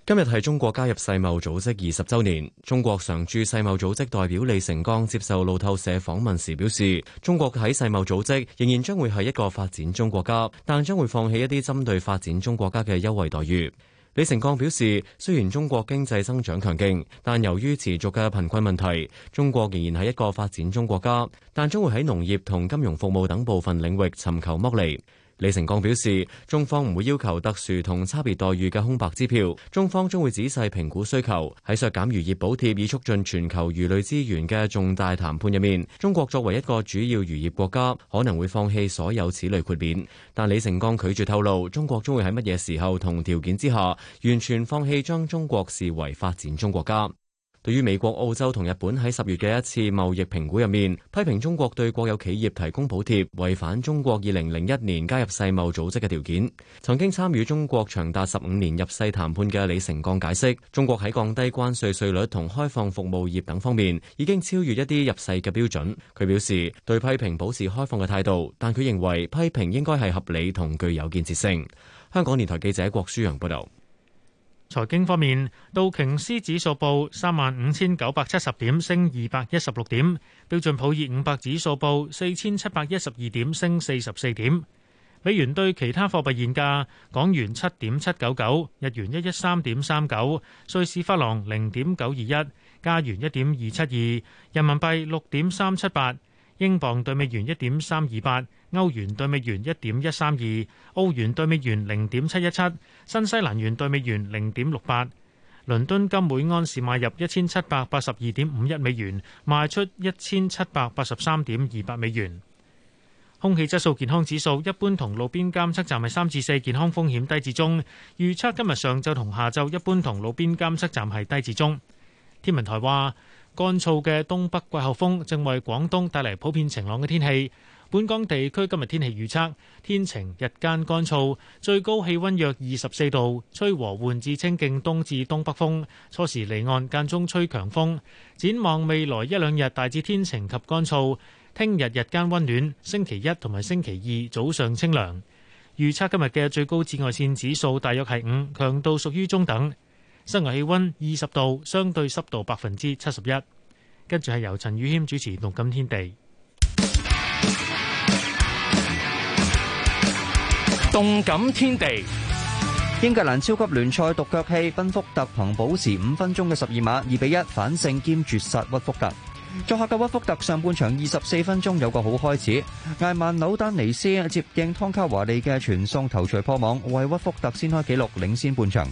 今日係中國加入世貿組織二十週年。中國常駐世貿組織代表李成剛接受路透社訪問時表示，中國喺世貿組織仍然將會係一個發展中國家，但將會放棄一啲針對發展中國家嘅優惠待遇。李成剛表示，雖然中國經濟增長強勁，但由於持續嘅貧困問題，中國仍然係一個發展中國家，但將會喺農業同金融服務等部分領域尋求剝離。李成鋼表示，中方唔會要求特殊同差別待遇嘅空白支票，中方將會仔細評估需求。喺削減漁業補貼以促進全球魚類資源嘅重大談判入面，中國作為一個主要漁業國家，可能會放棄所有此類豁免。但李成鋼拒絕透露，中國將會喺乜嘢時候同條件之下完全放棄將中國視為發展中國家。對於美國、澳洲同日本喺十月嘅一次貿易評估入面，批評中國對國有企業提供補貼，違反中國二零零一年加入世貿組織嘅條件。曾經參與中國長達十五年入世談判嘅李成鋼解釋，中國喺降低關稅稅率同開放服務業等方面已經超越一啲入世嘅標準。佢表示對批評保持開放嘅態度，但佢認為批評應該係合理同具有建設性。香港電台記者郭舒揚報導。財經方面，道瓊斯指數報三萬五千九百七十點，升二百一十六點；標準普爾五百指數報四千七百一十二點，升四十四點。美元對其他貨幣現價：港元七點七九九，日元一一三點三九，瑞士法郎零點九二一，加元一點二七二，人民幣六點三七八。英鎊兌美元一點三二八，歐元兌美元一點一三二，澳元兌美元零點七一七，新西蘭元兌美元零點六八。倫敦金每安士買入一千七百八十二點五一美元，賣出一千七百八十三點二八美元。空氣質素健康指數一般同路邊監測站係三至四，健康風險低至中。預測今日上晝同下晝一般同路邊監測站係低至中。天文台話。乾燥嘅東北季候風正為廣東帶嚟普遍晴朗嘅天氣。本港地區今日天氣預測，天晴，日間乾燥，最高氣温約二十四度，吹和緩至清勁東至東北風，初時離岸，間中吹強風。展望未來一兩日大致天晴及乾燥。聽日日間温暖，星期一同埋星期二早上清涼。預測今日嘅最高紫外線指數大約係五，強度屬於中等。室外氣溫二十度，相對濕度百分之七十一。跟住係由陳宇謙主持《動感天地》。《動感天地》英格蘭超級聯賽獨腳戲，奔福特憑保持五分鐘嘅十二碼二比一反勝兼絕殺屈福特。作客嘅屈福特上半場二十四分鐘有個好開始，艾曼紐丹尼斯接應湯卡華利嘅傳送頭錘破網，為屈福特先開紀錄，領先半場。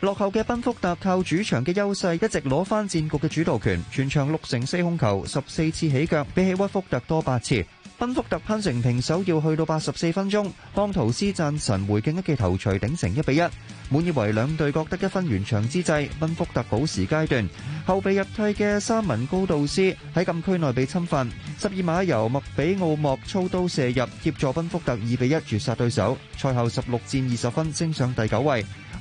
落後嘅奔福特靠主場嘅優勢，一直攞翻戰局嘅主導權。全場六成四控球，十四次起腳，比起屈福特多八次。奔福特攀成平手要去到八十四分鐘，當圖斯贊神回敬一記頭錘，頂成一比一。滿以為兩隊各得一分完場之際，奔福特補時階段，後備入替嘅三文高道斯喺禁區內被侵犯，十二碼由麥比奧莫操刀射入，協助奔福特二比一絕殺對手。賽後十六戰二十分，升上第九位。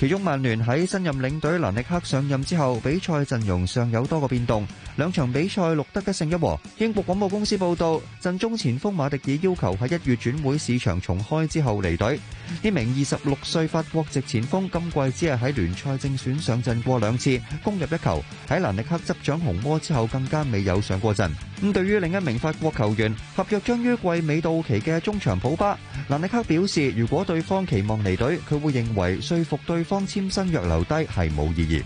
其中，曼聯喺新任領隊蘭力克上任之後，比賽陣容上有多個變動，兩場比賽錄得一勝一和。英國廣播公司報導，陣中前鋒馬迪爾要求喺一月轉會市場重開之後離隊。呢名二十六歲法國籍前鋒今季只係喺聯賽正選上陣過兩次，攻入一球。喺蘭力克執掌紅魔之後，更加未有上過陣。咁對於另一名法國球員，合約將於季尾到期嘅中場普巴，蘭尼克表示，如果對方期望離隊，佢會認為說服對方簽新約留低係冇意義。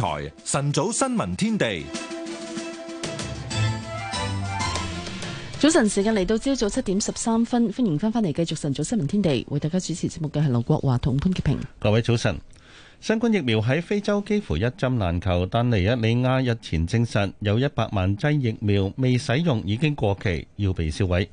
台晨早新聞天地，早晨時間嚟到朝早七點十三分，歡迎翻返嚟繼續晨早新聞天地，為大家主持節目嘅係劉國華同潘潔平。各位早晨，新冠疫苗喺非洲幾乎一針難求，但尼日利亞日前證實有一百萬劑疫苗未使用，已經過期，要被銷毀。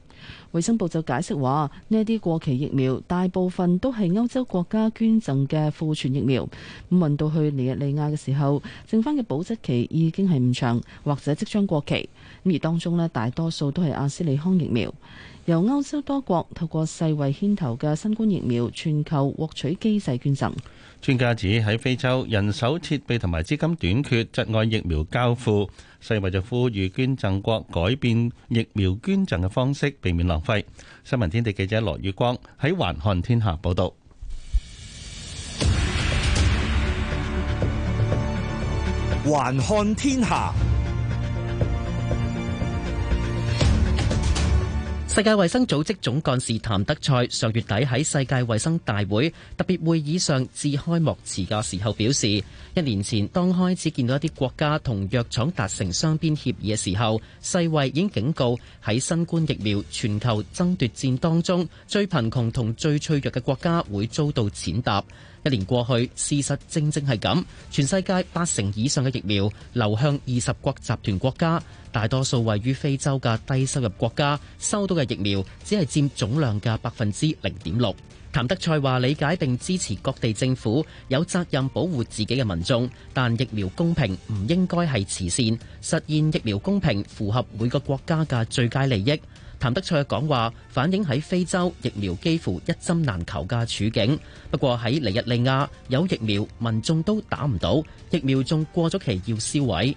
衛生部就解釋話，呢啲過期疫苗大部分都係歐洲國家捐贈嘅庫存疫苗。咁運到去尼日利亞嘅時候，剩翻嘅保質期已經係唔長，或者即將過期。咁而當中呢，大多數都係阿斯利康疫苗，由歐洲多國透過世衛牽頭嘅新冠疫苗全球獲取機制捐贈。專家指喺非洲，人手、設備同埋資金短缺，窒礙疫苗交付。世衛就呼籲捐贈國改變疫苗捐贈嘅方式，避免浪費。新聞天地記者羅宇光喺環看天下報道。環看天下。世界衛生組織總幹事譚德賽上月底喺世界衛生大會，特別會議上致開幕詞嘅時候表示，一年前當開始見到一啲國家同藥廠達成雙邊協議嘅時候，世衛已經警告，喺新冠疫苗全球爭奪戰當中，最貧窮同最脆弱嘅國家會遭到踐踏。一年過去，事實正正係咁。全世界八成以上嘅疫苗流向二十國集團國家，大多數位於非洲嘅低收入國家收到嘅疫苗，只係佔總量嘅百分之零點六。譚德塞話：理解並支持各地政府有責任保護自己嘅民眾，但疫苗公平唔應該係慈善，實現疫苗公平符合每個國家嘅最佳利益。譚德賽講話，反映喺非洲疫苗幾乎一針難求嘅處境。不過喺尼日利亞有疫苗，民眾都打唔到，疫苗仲過咗期要銷毀。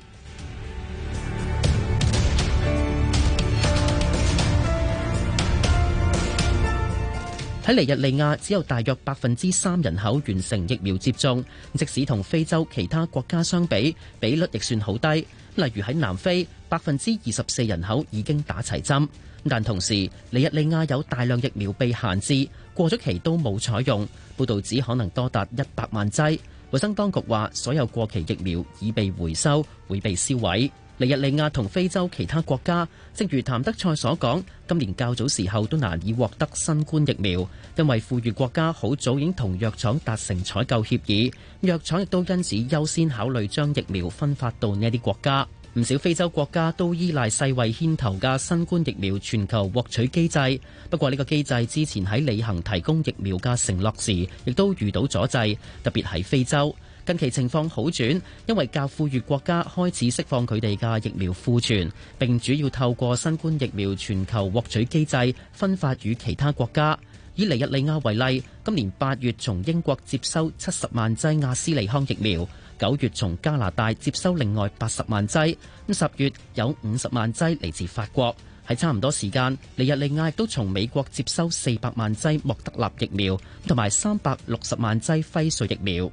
喺尼日利亞只有大約百分之三人口完成疫苗接種，即使同非洲其他國家相比，比率亦算好低。例如喺南非。百分之二十四人口已經打齊針，但同時尼日利亞有大量疫苗被限制，過咗期都冇採用，報道指可能多達一百萬劑。衛生當局話，所有過期疫苗已被回收，會被燒毀。尼日利亞同非洲其他國家，正如譚德塞所講，今年較早時候都難以獲得新冠疫苗，因為富裕國家好早已經同藥廠達成採購協議，藥廠亦都因此優先考慮將疫苗分發到呢一啲國家。唔少非洲國家都依賴世衛牽頭嘅新冠疫苗全球獲取機制，不過呢個機制之前喺履行提供疫苗嘅承諾時亦都遇到阻滯，特別係非洲。近期情況好轉，因為較富裕國家開始釋放佢哋嘅疫苗庫存，並主要透過新冠疫苗全球獲取機制分發與其他國家。以尼日利亞為例，今年八月從英國接收七十萬劑亞斯利康疫苗。九月從加拿大接收另外八十萬劑，咁十月有五十萬劑嚟自法國。喺差唔多時間，尼日利亞亦都從美國接收四百萬劑莫德納疫苗，同埋三百六十萬劑輝瑞疫苗。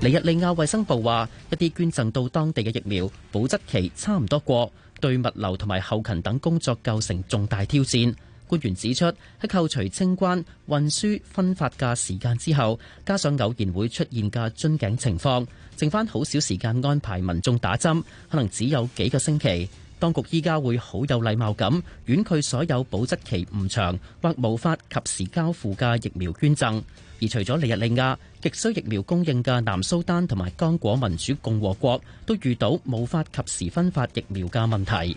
尼日利亞衛生部話，一啲捐贈到當地嘅疫苗保質期差唔多過，對物流同埋後勤等工作構成重大挑戰。官員指出，喺扣除清關、運輸、分發嘅時間之後，加上偶然會出現嘅樽頸情況，剩翻好少時間安排民眾打針，可能只有幾個星期。當局依家會好有禮貌咁，婉拒所有保質期唔長或無法及時交付嘅疫苗捐贈。而除咗尼日利亞，極需疫苗供應嘅南蘇丹同埋剛果民主共和國，都遇到無法及時分發疫苗嘅問題。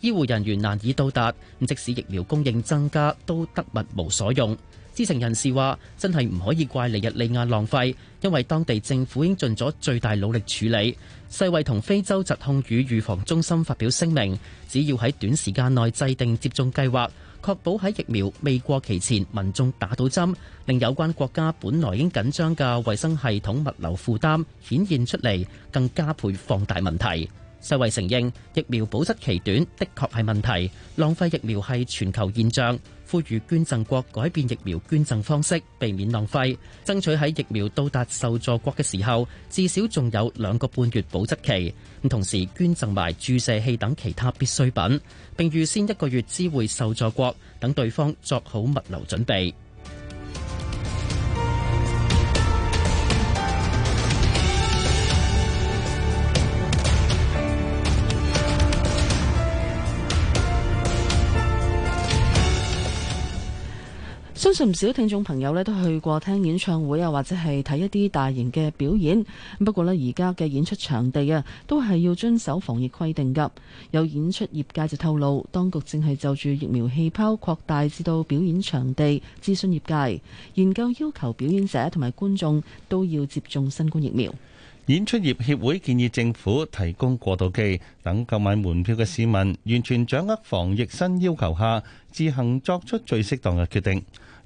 醫護人員難以到達，即使疫苗供應增加，都得物無所用。知情人士話：真係唔可以怪尼日利亞浪費，因為當地政府已經盡咗最大努力處理。世衛同非洲疾控與預防中心發表聲明，只要喺短時間內制定接種計劃，確保喺疫苗未過期前民眾打到針，令有關國家本來已經緊張嘅衛生系統物流負擔顯現出嚟，更加倍放大問題。世衛承認疫苗保質期短的確係問題，浪費疫苗係全球現象。呼籲捐贈國改變疫苗捐贈方式，避免浪費，爭取喺疫苗到達受助國嘅時候，至少仲有兩個半月保質期。同時捐贈埋注射器等其他必需品，並預先一個月知會受助國，等對方作好物流準備。相信唔少聽眾朋友呢都去過聽演唱會啊，或者係睇一啲大型嘅表演。不過呢而家嘅演出場地啊，都係要遵守防疫規定噶。有演出業界就透露，當局正係就住疫苗氣泡擴大至到表演場地諮詢業界，研究要求表演者同埋觀眾都要接種新冠疫苗。演出業協會建議政府提供過渡期，等購買門票嘅市民完全掌握防疫新要求下，自行作出最適當嘅決定。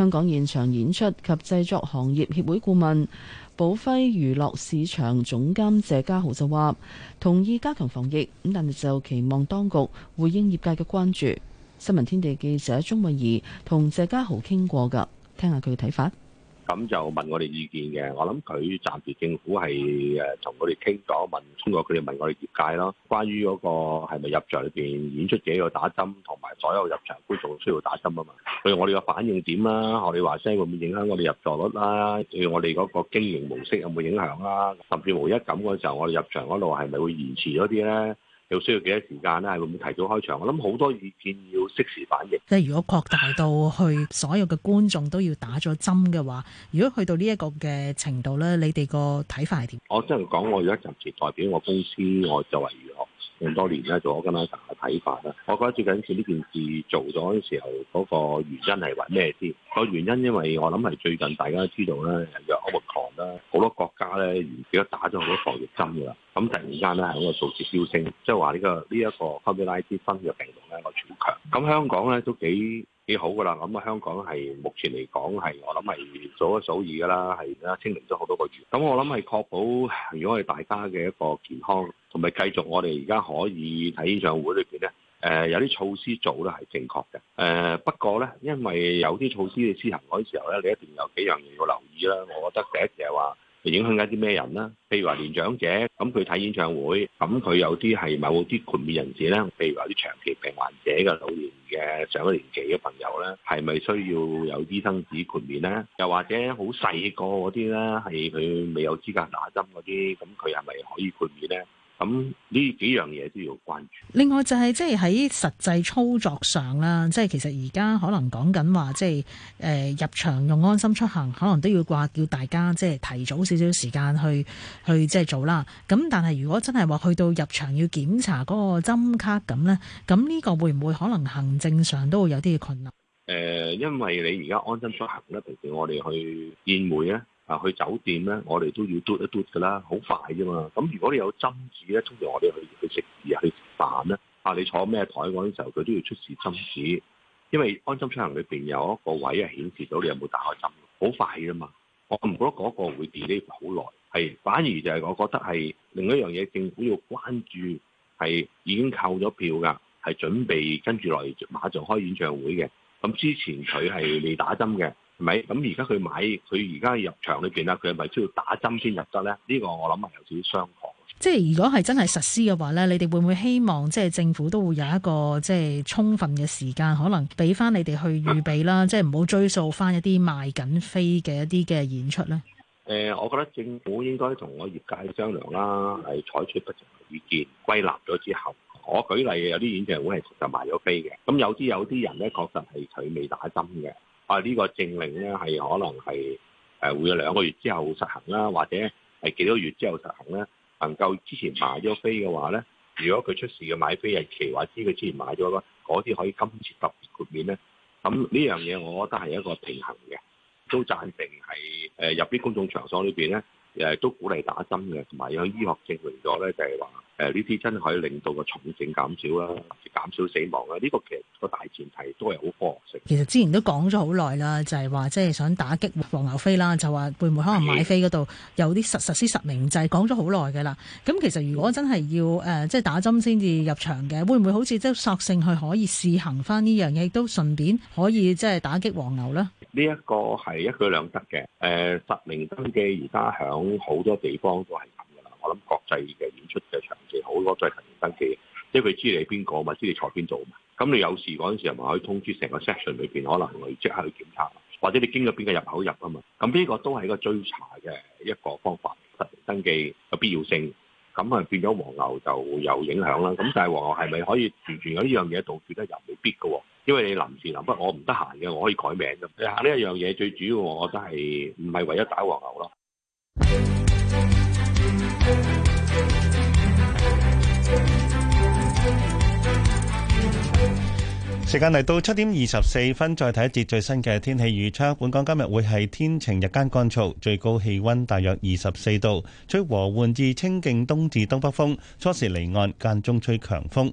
香港現場演出及製作行業協會顧問、寶輝娛樂市場總監謝家豪就話：同意加強防疫，咁但係就期望當局回應業界嘅關注。新聞天地記者鍾慧儀同謝家豪傾過㗎，聽下佢嘅睇法。咁就問我哋意見嘅，我諗佢暫時政府係誒同佢哋傾咗，問通過佢哋問我哋業界咯，關於嗰個係咪入場入邊演出者有打針，同埋所有入場觀眾需要打針啊嘛。譬如我哋個反應點啦，學你話聲會唔會影響我哋入座率啦？譬如我哋嗰個經營模式有冇影響啦？甚至無一感嗰時候，我哋入場嗰度係咪會延遲咗啲咧？又需要幾多時間咧？會唔會提早開場？我諗好多意見要適時反應。即係如果擴大到去所有嘅觀眾都要打咗針嘅話，如果去到呢一個嘅程度咧，你哋個睇法係點？我真係講，我而家暫時代表我公司，我就係咁。咁多年咧，做咗咁啊，嘅睇法啦。我覺得最緊要呢件事做咗嘅時候，嗰個原因係為咩先？個原因因為我諗係最近大家都知道咧，人奧密克戎啦，好多國家咧，而家打咗好多防疫針㗎啦。咁突然間咧，喺個數字飆升，即係話呢個呢一個康比拉茲新嘅病毒咧，個傳強。咁香港咧都幾。幾好噶啦，咁啊香港係目前嚟講係我諗係數一數二噶啦，係啦，清零咗好多個月。咁、嗯、我諗係確保，如果係大家嘅一個健康，同埋繼續我哋而家可以睇演唱會裏邊咧，誒、呃、有啲措施做咧係正確嘅。誒、呃、不過咧，因為有啲措施你施行嗰時候咧，你一定有幾樣嘢要留意啦。我覺得第一就係話。影響緊啲咩人呢？譬如話年長者，咁佢睇演唱會，咁佢有啲係某啲豁免人士呢，譬如話啲長期病患者嘅老年嘅上咗年紀嘅朋友呢，係咪需要有醫生紙豁免呢？又或者好細個嗰啲呢，係佢未有資格打針嗰啲，咁佢係咪可以豁免呢？咁呢幾樣嘢都要關注。另外就係、是、即係喺實際操作上啦，即係其實而家可能講緊話，即係誒、呃、入場用安心出行，可能都要話叫大家即係提早少少時間去去即係做啦。咁但係如果真係話去到入場要檢查嗰個針卡咁咧，咁呢個會唔會可能行政上都會有啲嘅困難？誒、呃，因為你而家安心出行咧，平時我哋去宴會咧。啊，去酒店咧，我哋都要嘟一嘟 o 噶啦，好快啫嘛。咁如果你有針紙咧，通常我哋去去食嘢、啊、去食飯咧、啊，啊，你坐咩台嗰陣時候，佢都要出示針紙，因為安心出行裏邊有一個位係顯示到你有冇打開針，好快噶嘛。我唔覺得嗰個會 delay 好耐，係反而就係我覺得係另一樣嘢，政府要關注係已經扣咗票噶，係準備跟住落嚟馬上開演唱會嘅。咁之前佢係未打針嘅。咪咁而家佢買佢而家入場裏邊啦，佢係咪需要打針先入得咧？呢、這個我諗係有少少商榷。即係如果係真係實施嘅話咧，你哋會唔會希望即係政府都會有一個即係充分嘅時間，可能俾翻你哋去預備啦，嗯、即係唔好追溯翻一啲賣緊飛嘅一啲嘅演出咧？誒、呃，我覺得政府應該同我業界商量啦，係採取不同意見，歸納咗之後，我舉例有啲演唱會係實在賣咗飛嘅，咁有啲有啲人咧確實係佢未打針嘅。啊！呢、呢個政令咧係可能係誒、呃、會有兩個月之後實行啦，或者係幾多個月之後實行咧，能夠之前買咗飛嘅話咧，如果佢出事嘅買飛日期，或知佢之前買咗嗰啲可以今次特別豁免咧。咁、嗯、呢樣嘢，我覺得係一個平衡嘅，都贊成係誒入啲公眾場所裏邊咧。誒都鼓勵打針嘅，同埋有醫學證明咗咧，就係話誒呢啲真係可以令到個重症減少啦，或者減少死亡啦。呢個其實個大前提都係好科學性。其實之前都講咗好耐啦，就係話即係想打擊黃牛飛啦，就話會唔會可能買飛嗰度有啲實實施實名制，講咗好耐嘅啦。咁其實如果真係要誒即係打針先至入場嘅，會唔會好似即係索性去可以試行翻呢樣嘢，亦都順便可以即係打擊黃牛咧？呢一個係一舉兩得嘅，誒、呃、實名登記而家喺好多地方都係咁噶啦。我諗國際嘅演出嘅場地好多都係實名登記，即係佢知你係邊個嘛，知你坐邊度嘛。咁你有事嗰陣時，咪可以通知成個 section 裏邊，可能你即刻去檢查，或者你經過邊個入口入啊嘛。咁呢個都係一個追查嘅一個方法，實名登記嘅必要性，咁啊變咗黃牛就有影響啦。咁但係黃牛係咪可以完全用呢樣嘢杜絕得？又未必噶喎。因為你臨時臨不，我唔得閒嘅，我可以改名啫。吓呢一樣嘢，最主要我覺得係唔係為咗打黃牛咯。時間嚟到七點二十四分，再睇一節最新嘅天氣預測。本港今日會係天晴，日間乾燥，最高氣温大約二十四度，吹和緩至清勁東至東北風，初時離岸，間中吹強風。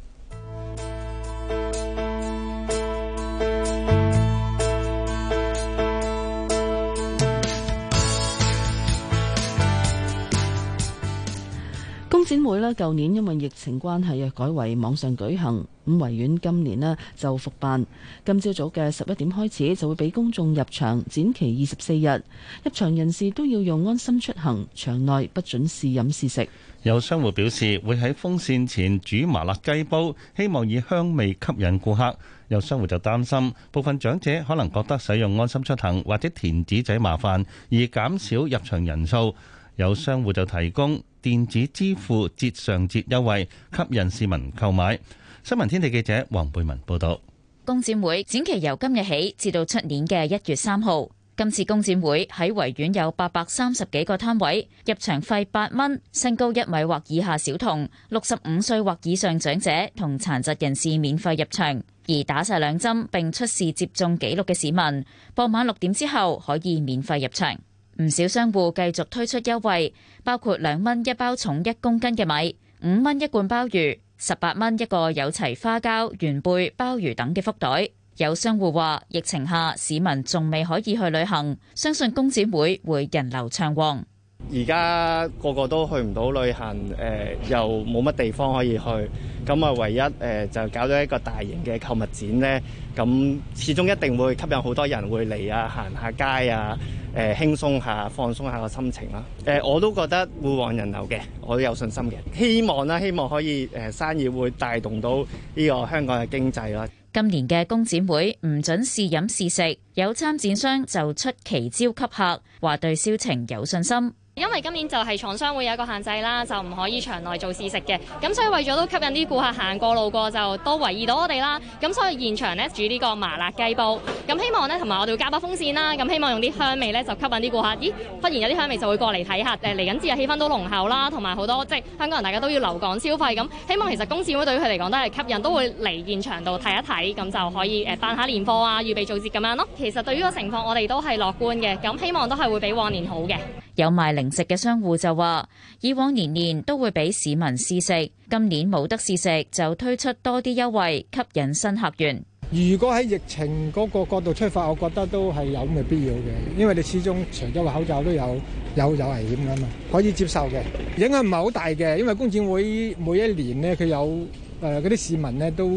展會呢舊年因為疫情關係啊，改為網上舉行。咁維園今年呢就復辦。今朝早嘅十一點開始就會俾公眾入場，展期二十四日。入場人士都要用安心出行，場內不准試飲試食。有商戶表示會喺風扇前煮麻辣雞煲，希望以香味吸引顧客。有商戶就擔心部分長者可能覺得使用安心出行或者填紙仔麻煩，而減少入場人數。有商戶就提供。電子支付折上折優惠，吸引市民購買。新聞天地記者黃貝文報道。工展會展期由今日起至到出年嘅一月三號。今次工展會喺維園有八百三十幾個攤位，入場費八蚊。身高一米或以下小童、六十五歲或以上長者同殘疾人士免費入場。而打曬兩針並出示接種記錄嘅市民，傍晚六點之後可以免費入場。唔少商戶繼續推出優惠，包括兩蚊一包重一公斤嘅米，五蚊一罐鮑魚，十八蚊一個有齊花膠、元貝、鮑魚等嘅福袋。有商戶話：疫情下市民仲未可以去旅行，相信工展會會人流暢旺。而家個個都去唔到旅行，誒又冇乜地方可以去，咁啊，唯一誒就搞咗一個大型嘅購物展咧，咁始終一定會吸引好多人會嚟啊，行下街啊。誒輕鬆下，放鬆下個心情啦。誒，我都覺得會旺人流嘅，我都有信心嘅。希望啦，希望可以誒生意會帶動到呢個香港嘅經濟啦。今年嘅工展會唔準試飲試食，有參展商就出奇招吸客，話對銷情有信心。因為今年就係廠商會有一個限制啦，就唔可以場內做試食嘅，咁所以為咗都吸引啲顧客行過路過就多留意到我哋啦，咁所以現場咧，煮呢個麻辣雞煲，咁希望咧同埋我哋會加把風扇啦，咁希望用啲香味咧就吸引啲顧客，咦忽然有啲香味就會過嚟睇下。嚟緊節日氣氛都濃厚啦，同埋好多即係香港人大家都要留港消費，咁希望其實工展會對於佢嚟講都係吸引，都會嚟現場度睇一睇，咁就可以誒辦下年貨啊，預備做節咁樣咯。其實對於個情況我哋都係樂觀嘅，咁希望都係會比往年好嘅，有賣零食嘅商戶就話：以往年年都會俾市民試食，今年冇得試食就推出多啲優惠，吸引新客源。如果喺疫情嗰個角度出發，我覺得都係有咁嘅必要嘅，因為你始終除咗個口罩都有有有危險噶嘛，可以接受嘅影響唔係好大嘅，因為工展會每一年咧佢有誒嗰啲市民咧都。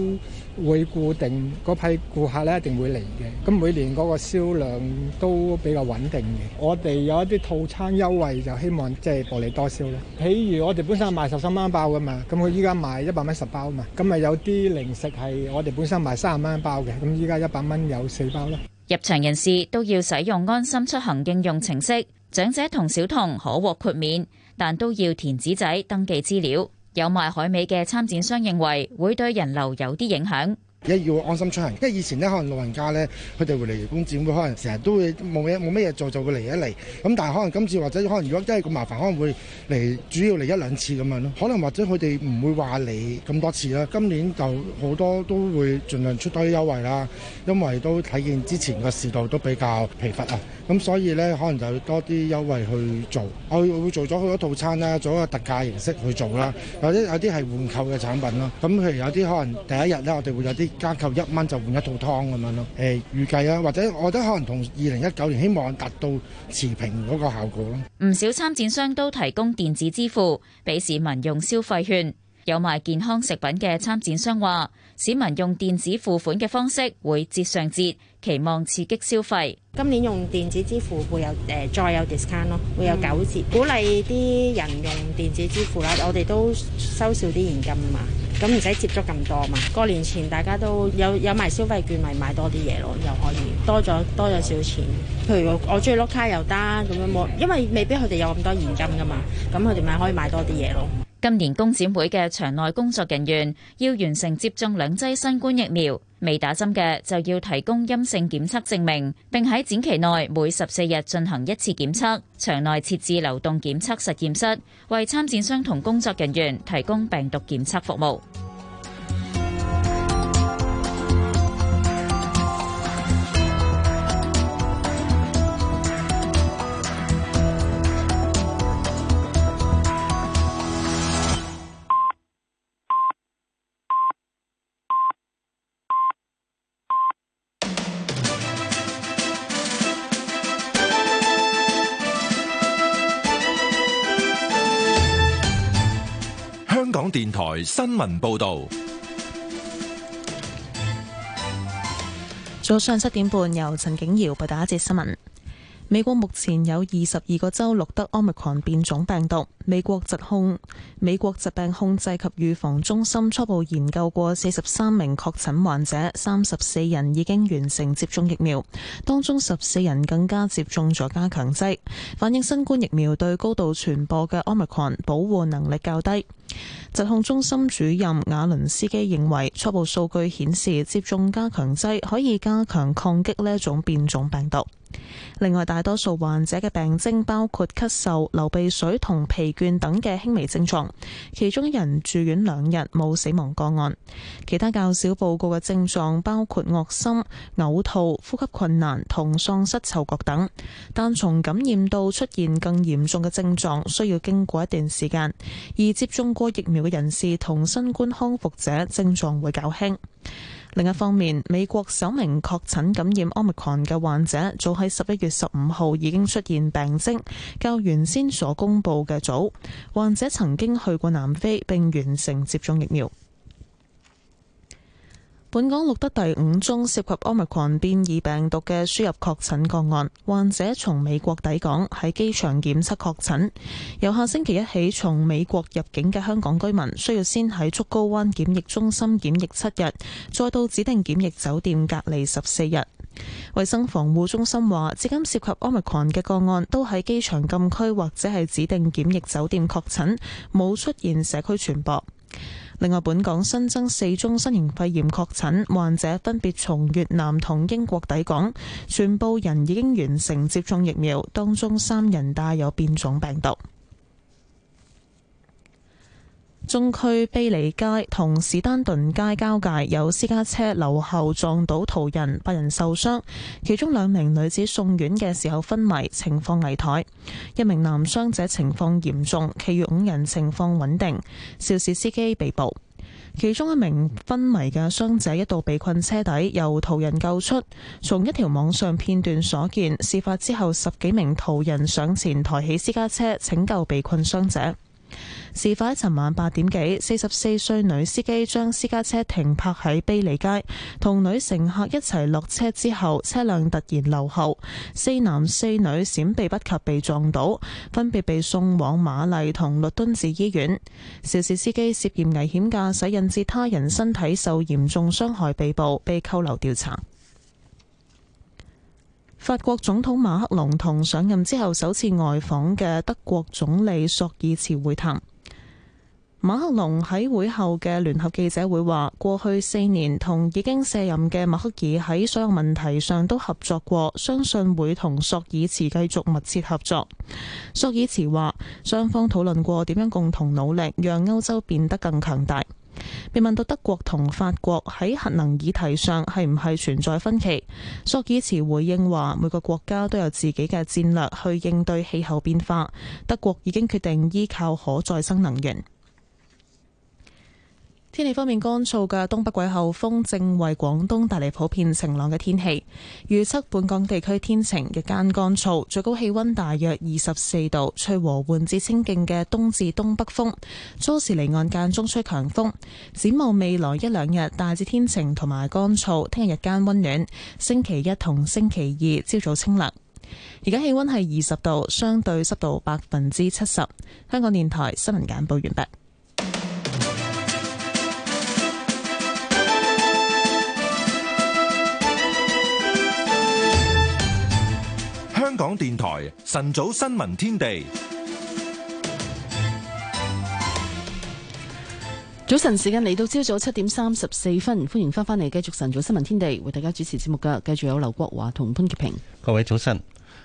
會固定嗰批顧客咧一定會嚟嘅，咁每年嗰個銷量都比較穩定嘅。我哋有一啲套餐優惠，就希望即係薄利多銷啦。譬如我哋本身賣十三蚊包㗎嘛，咁佢依家賣一百蚊十包啊嘛，咁咪有啲零食係我哋本身賣三十蚊包嘅，咁依家一百蚊有四包咧。入場人士都要使用安心出行應用程式，長者同小童可獲豁免，但都要填紙仔登記資料。有賣海味嘅參展商認為，會對人流有啲影響。一要安心出行，因為以前咧可能老人家咧，佢哋會嚟工展會，可能成日都會冇嘢冇咩嘢做，就會嚟一嚟。咁但係可能今次或者可能如果真係咁麻煩，可能會嚟主要嚟一兩次咁樣咯。可能或者佢哋唔會話嚟咁多次啦。今年就好多都會盡量出多啲優惠啦，因為都睇見之前個市道都比較疲乏啊。咁所以咧，可能就多啲優惠去做。我會做咗好多套餐啦，做一個特價形式去做啦，或者有啲係換購嘅產品咯。咁譬如有啲可能第一日咧，我哋會有啲。加扣一蚊就換一套湯咁樣咯，誒預計啊，或者我覺得可能同二零一九年希望達到持平嗰個效果咯。唔少參展商都提供電子支付俾市民用消費券。有賣健康食品嘅參展商話，市民用電子付款嘅方式會折上折，期望刺激消費。今年用電子支付會有誒再有 discount 咯，會有九折，鼓勵啲人用電子支付啦。我哋都收少啲現金啊嘛。咁唔使接觸咁多嘛，過年前大家都有有埋消費券咪買多啲嘢咯，又可以多咗多咗少錢。譬如我我中意碌卡又得咁樣，冇，因為未必佢哋有咁多現金噶嘛，咁佢哋咪可以買多啲嘢咯。今年工展會嘅場內工作人員要完成接種兩劑新冠疫苗。未打針嘅就要提供陰性檢測證明，並喺展期內每十四日進行一次檢測。場內設置流動檢測實驗室，為參展商同工作人員提供病毒檢測服務。港電台新聞報道。早上七點半，由陳景瑤報道一節新聞。美國目前有二十二個州錄得 Omicron 變種病毒。美國疾控、美國疾病控制及預防中心初步研究過四十三名確診患者，三十四人已經完成接種疫苗，當中十四人更加接種咗加強劑，反映新冠疫苗對高度傳播嘅 Omicron 保護能力較低。疾控中心主任亞倫斯基認為，初步數據顯示接種加強劑可以加強抗擊呢一種變種病毒。另外，大多數患者嘅病徵包括咳嗽、流鼻水同疲倦等嘅輕微症狀，其中一人住院兩日，冇死亡個案。其他較少報告嘅症狀包括惡心、嘔吐、呼吸困難同喪失嗅覺等，但從感染到出現更嚴重嘅症狀需要經過一段時間。而接種過疫苗嘅人士同新冠康復者症狀會較輕。另一方面，美國首名確診感染 Omicron 嘅患者早喺十一月十五號已經出現病徵，較原先所公佈嘅早。患者曾經去過南非並完成接種疫苗。本港錄得第五宗涉及 Omicron 變異病毒嘅輸入確診個案，患者從美國抵港喺機場檢測確診。由下星期一起，從美國入境嘅香港居民需要先喺竹篙灣檢疫中心檢疫七日，再到指定檢疫酒店隔離十四日。衛生防護中心話，至今涉及 Omicron 嘅個案都喺機場禁區或者係指定檢疫酒店確診，冇出現社區傳播。另外，本港新增四宗新型肺炎確診患者，分別從越南同英國抵港，全部人已經完成接種疫苗，當中三人帶有變種病毒。中區卑利街同史丹頓街交界有私家車留後撞倒途人，八人受傷，其中兩名女子送院嘅時候昏迷，情況危殆；一名男傷者情況嚴重，其餘五人情況穩定。肇事司機被捕。其中一名昏迷嘅傷者一度被困車底，由途人救出。從一條網上片段所見，事發之後，十幾名途人上前抬起私家車拯救被困傷者。事發喺尋晚八點幾，四十四歲女司機將私家車停泊喺卑利街，同女乘客一齊落車之後，車輛突然留後，四男四女閃避不及被撞倒，分別被送往瑪麗同律敦治醫院。肇事司機涉嫌危險駕駛，引致他人身體受嚴重傷害被，被捕被扣留調查。法國總統馬克龍同上任之後首次外訪嘅德國總理索爾茨會談。馬克龍喺會後嘅聯合記者會話：過去四年同已經卸任嘅默克爾喺所有問題上都合作過，相信會同索爾茨繼續密切合作。索爾茨話，雙方討論過點樣共同努力，讓歐洲變得更強大。被問到德國同法國喺核能議題上係唔係存在分歧？索爾茨回應話：每個國家都有自己嘅戰略去應對氣候變化。德國已經決定依靠可再生能源。天氣方面，乾燥嘅東北季候風正為廣東帶嚟普遍晴朗嘅天氣。預測本港地區天晴，日間乾燥，最高氣溫大約二十四度，吹和緩至清勁嘅東至東北風，初時離岸間中吹強風。展望未來一兩日，大致天晴同埋乾燥，聽日日間溫暖，星期一同星期二朝早清涼。而家氣溫係二十度，相對濕度百分之七十。香港電台新聞簡報完畢。香港電台晨早新聞天地，早晨時間嚟到，朝早七點三十四分，歡迎翻返嚟繼續晨早新聞天地，為大家主持節目嘅，繼續有劉國華同潘潔平，各位早晨。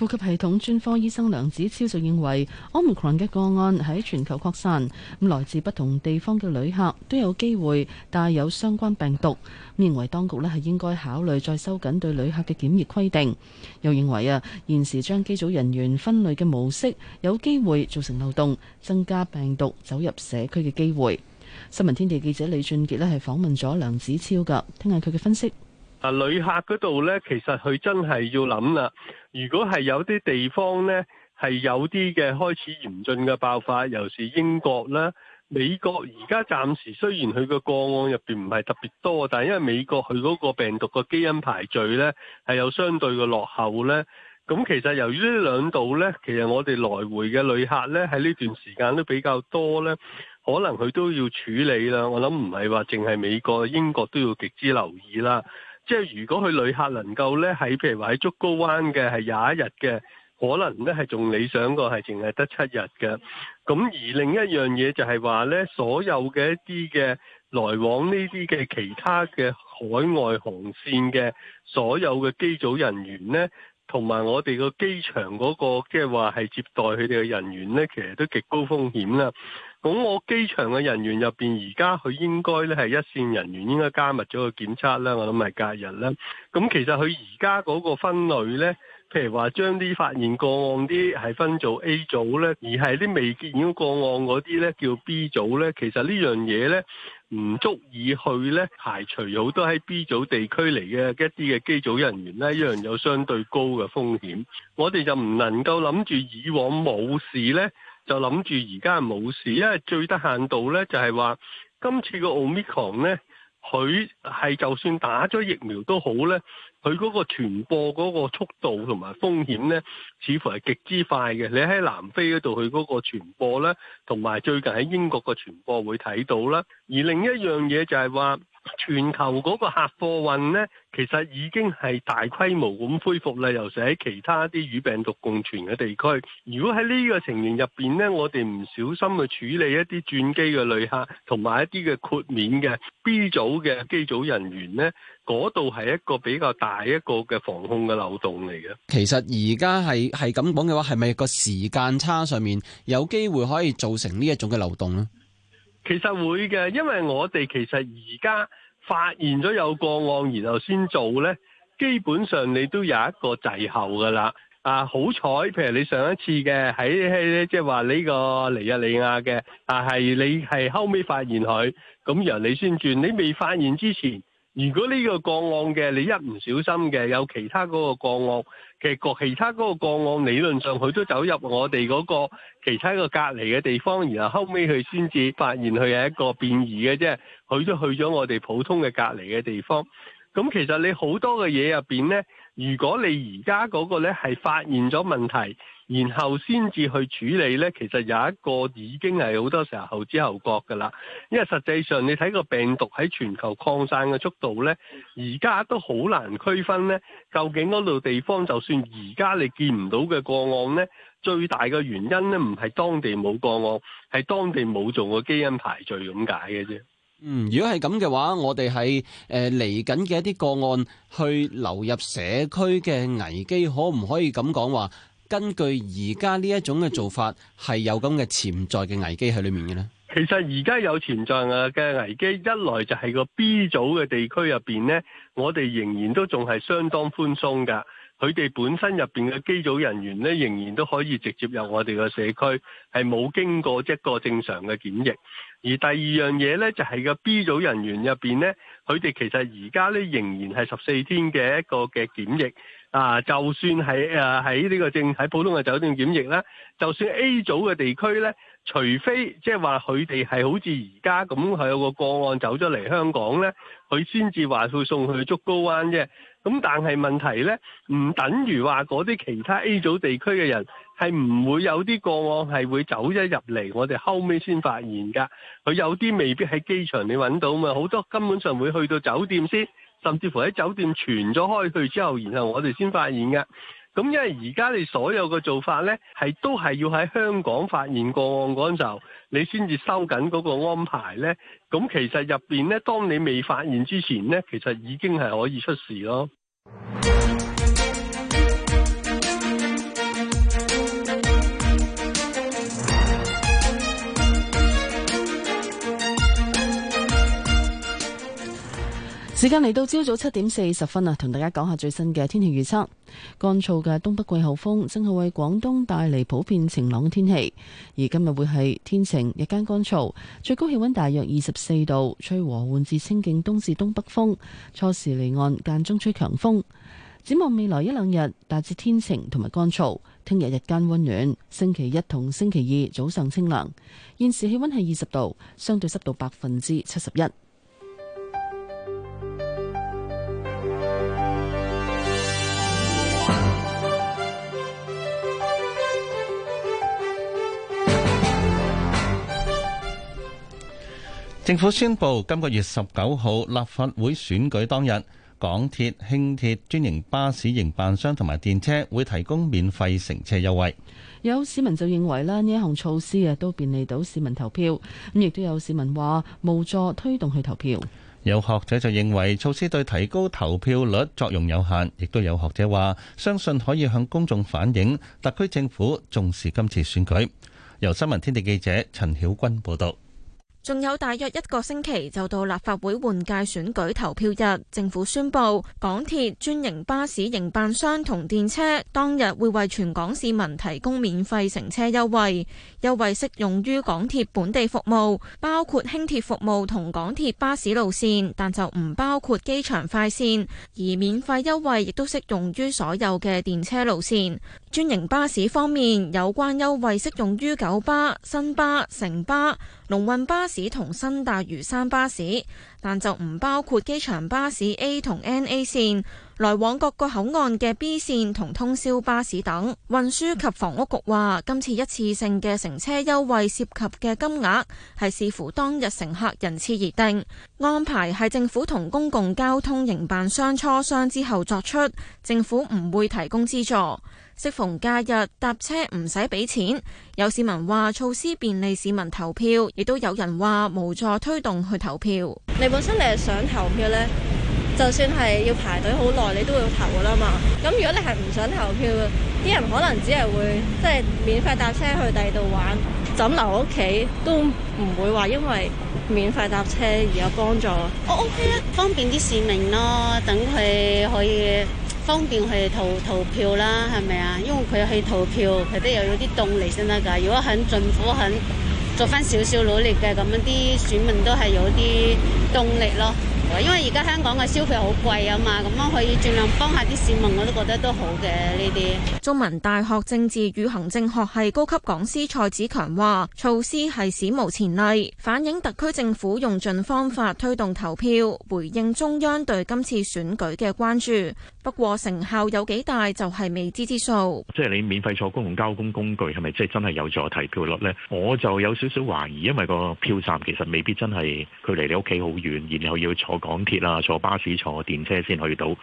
呼吸系統專科醫生梁子超就認為，Omicron 嘅個案喺全球擴散，咁來自不同地方嘅旅客都有機會帶有相關病毒，咁認為當局咧係應該考慮再收緊對旅客嘅檢疫規定。又認為啊，現時將機組人員分類嘅模式有機會造成漏洞，增加病毒走入社區嘅機會。新聞天地記者李俊傑呢係訪問咗梁子超噶，聽下佢嘅分析。啊！旅客嗰度呢，其實佢真係要諗啦。如果係有啲地方呢，係有啲嘅開始嚴峻嘅爆發，尤其是英國呢。美國而家暫時雖然佢個個案入邊唔係特別多，但係因為美國佢嗰個病毒個基因排序呢，係有相對嘅落後呢。咁其實由於呢兩度呢，其實我哋來回嘅旅客呢，喺呢段時間都比較多呢，可能佢都要處理啦。我諗唔係話淨係美國、英國都要極之留意啦。即係如果佢旅客能夠咧，喺譬如話喺竹篙灣嘅係廿一日嘅，可能咧，係仲理想過係淨係得七日嘅。咁而另一樣嘢就係話咧，所有嘅一啲嘅來往呢啲嘅其他嘅海外航線嘅所有嘅機組人員咧。同埋我哋個機場嗰個即係話係接待佢哋嘅人員呢，其實都極高風險啦。咁我機場嘅人員入邊，而家佢應該呢係一線人員，應該加密咗個檢測啦。我諗係隔日啦。咁其實佢而家嗰個分類呢。譬如話將啲發現個案啲係分做 A 組呢，而係啲未見到個案嗰啲呢，叫 B 組呢。其實呢樣嘢呢，唔足以去呢排除好多喺 B 組地區嚟嘅一啲嘅機組人員呢一樣有相對高嘅風險。我哋就唔能夠諗住以往冇事呢，就諗住而家冇事，因為最得限度呢，就係話今次個 Omicron 呢，佢係就算打咗疫苗都好呢。佢嗰個傳播嗰個速度同埋風險呢，似乎係極之快嘅。你喺南非嗰度，佢嗰個傳播呢，同埋最近喺英國嘅傳播會睇到啦。而另一樣嘢就係話。全球嗰個客貨運呢，其實已經係大規模咁恢復啦，尤其喺其他啲與病毒共存嘅地區。如果喺呢個情形入邊呢，我哋唔小心去處理一啲轉機嘅旅客，同埋一啲嘅豁免嘅 B 組嘅機組人員呢，嗰度係一個比較大一個嘅防控嘅漏洞嚟嘅。其實而家係係咁講嘅話，係咪個時間差上面有機會可以造成呢一種嘅漏洞咧？其實會嘅，因為我哋其實而家發現咗有個案，然後先做呢，基本上你都有一個滯後噶啦。啊，好彩，譬如你上一次嘅，喺即係話呢個尼日利亞嘅，但、啊、係你係後尾發現佢，咁然後你先轉。你未發現之前，如果呢個個案嘅你一唔小心嘅有其他嗰個個案。嘅個其，其他嗰個個案，理論上佢都走入我哋嗰個其他一個隔離嘅地方，然後後尾佢先至發現佢係一個變異嘅啫，佢都去咗我哋普通嘅隔離嘅地方。咁其實你好多嘅嘢入邊呢，如果你而家嗰個呢係發現咗問題。然後先至去處理呢，其實有一個已經係好多時候後知後覺㗎啦。因為實際上你睇個病毒喺全球擴散嘅速度呢，而家都好難區分呢，究竟嗰度地方就算而家你見唔到嘅個案呢，最大嘅原因呢，唔係當地冇個案，係當地冇做過基因排序咁解嘅啫。嗯，如果係咁嘅話，我哋係誒嚟緊嘅一啲個案去流入社區嘅危機，可唔可以咁講話？根據而家呢一種嘅做法，係有咁嘅潛在嘅危機喺裏面嘅呢。其實而家有潛在嘅危機，一來就係個 B 組嘅地區入邊呢，我哋仍然都仲係相當寬鬆噶。佢哋本身入邊嘅機組人員呢，仍然都可以直接入我哋嘅社區，係冇經過一個正常嘅檢疫。而第二樣嘢呢，就係個 B 組人員入邊呢，佢哋其實而家呢，仍然係十四天嘅一個嘅檢疫。啊，就算係誒喺呢個正喺普通嘅酒店檢疫咧，就算 A 組嘅地區呢，除非即係話佢哋係好似而家咁係有個個案走咗嚟香港呢，佢先至話會送去竹篙灣啫。咁但係問題呢，唔等於話嗰啲其他 A 組地區嘅人係唔會有啲個案係會走咗入嚟，我哋後尾先發現㗎。佢有啲未必喺機場你揾到嘛，好多根本上會去到酒店先。甚至乎喺酒店傳咗開去之後，然後我哋先發現嘅。咁因為而家你所有嘅做法呢，係都係要喺香港發現個案嗰時候，你先至收緊嗰個安排呢。咁其實入邊呢，當你未發現之前呢，其實已經係可以出事咯。時間嚟到朝早七點四十分啊，同大家講下最新嘅天氣預測。乾燥嘅東北季候風正係為廣東帶嚟普遍晴朗嘅天氣，而今日會係天晴，日間乾燥，最高氣溫大約二十四度，吹和緩至清勁東至東北風，初時離岸間中吹強風。展望未來一兩日，大致天晴同埋乾燥。聽日日間溫暖，星期一同星期二早上清涼。現時氣溫係二十度，相對濕度百分之七十一。政府宣布今個月十九號立法會選舉當日，港鐵、輕鐵、專營巴士營辦商同埋電車會提供免費乘車優惠。有市民就認為呢一項措施啊都便利到市民投票，咁亦都有市民話無助推動去投票。有學者就認為措施對提高投票率作用有限，亦都有學者話相信可以向公眾反映特區政府重視今次選舉。由新聞天地記者陳曉君報道。仲有大約一個星期就到立法會換屆選舉投票日，政府宣布港鐵、專營巴士營辦商同電車當日會為全港市民提供免費乘車優惠，優惠適用於港鐵本地服務，包括輕鐵服務同港鐵巴士路線，但就唔包括機場快線。而免費優惠亦都適用於所有嘅電車路線。專營巴士方面，有關優惠適用於九巴、新巴、城巴。龍運巴士同新大嶼山巴士，但就唔包括機場巴士 A 同 NA 線、來往各個口岸嘅 B 線同通宵巴士等。運輸及房屋局話，今次一次性嘅乘車優惠涉及嘅金額係視乎當日乘客人次而定，安排係政府同公共交通營辦商磋商之後作出，政府唔會提供資助。適逢假日搭車唔使俾錢，有市民話措施便利市民投票，亦都有人話無助推動去投票。你本身你係想投票呢？就算係要排隊好耐，你都會投噶啦嘛。咁如果你係唔想投票，啲人可能只係會即係、就是、免費搭車去第二度玩，枕留屋企都唔會話因為。免費搭車而有幫助，哦 O K 啊，方便啲市民咯，等佢可以方便佢去投票啦，係咪啊？因為佢去投票，佢都有有啲動力先得㗎，如果肯盡苦肯。做翻少少努力嘅，咁，啲選民都係有啲動力咯。因為而家香港嘅消費好貴啊嘛，咁樣可以盡量幫下啲市民，我都覺得都好嘅呢啲。中文大學政治與行政學系高級講師蔡子強話，措施係史無前例，反映特區政府用盡方法推動投票，回應中央對今次選舉嘅關注。不過成效有幾大就係未知之數。即係你免費坐公共交通工具係咪即係真係有助提票率呢？我就有少少懷疑，因為個票站其實未必真係距離你屋企好遠，然後要坐港鐵啊、坐巴士、坐電車先去到。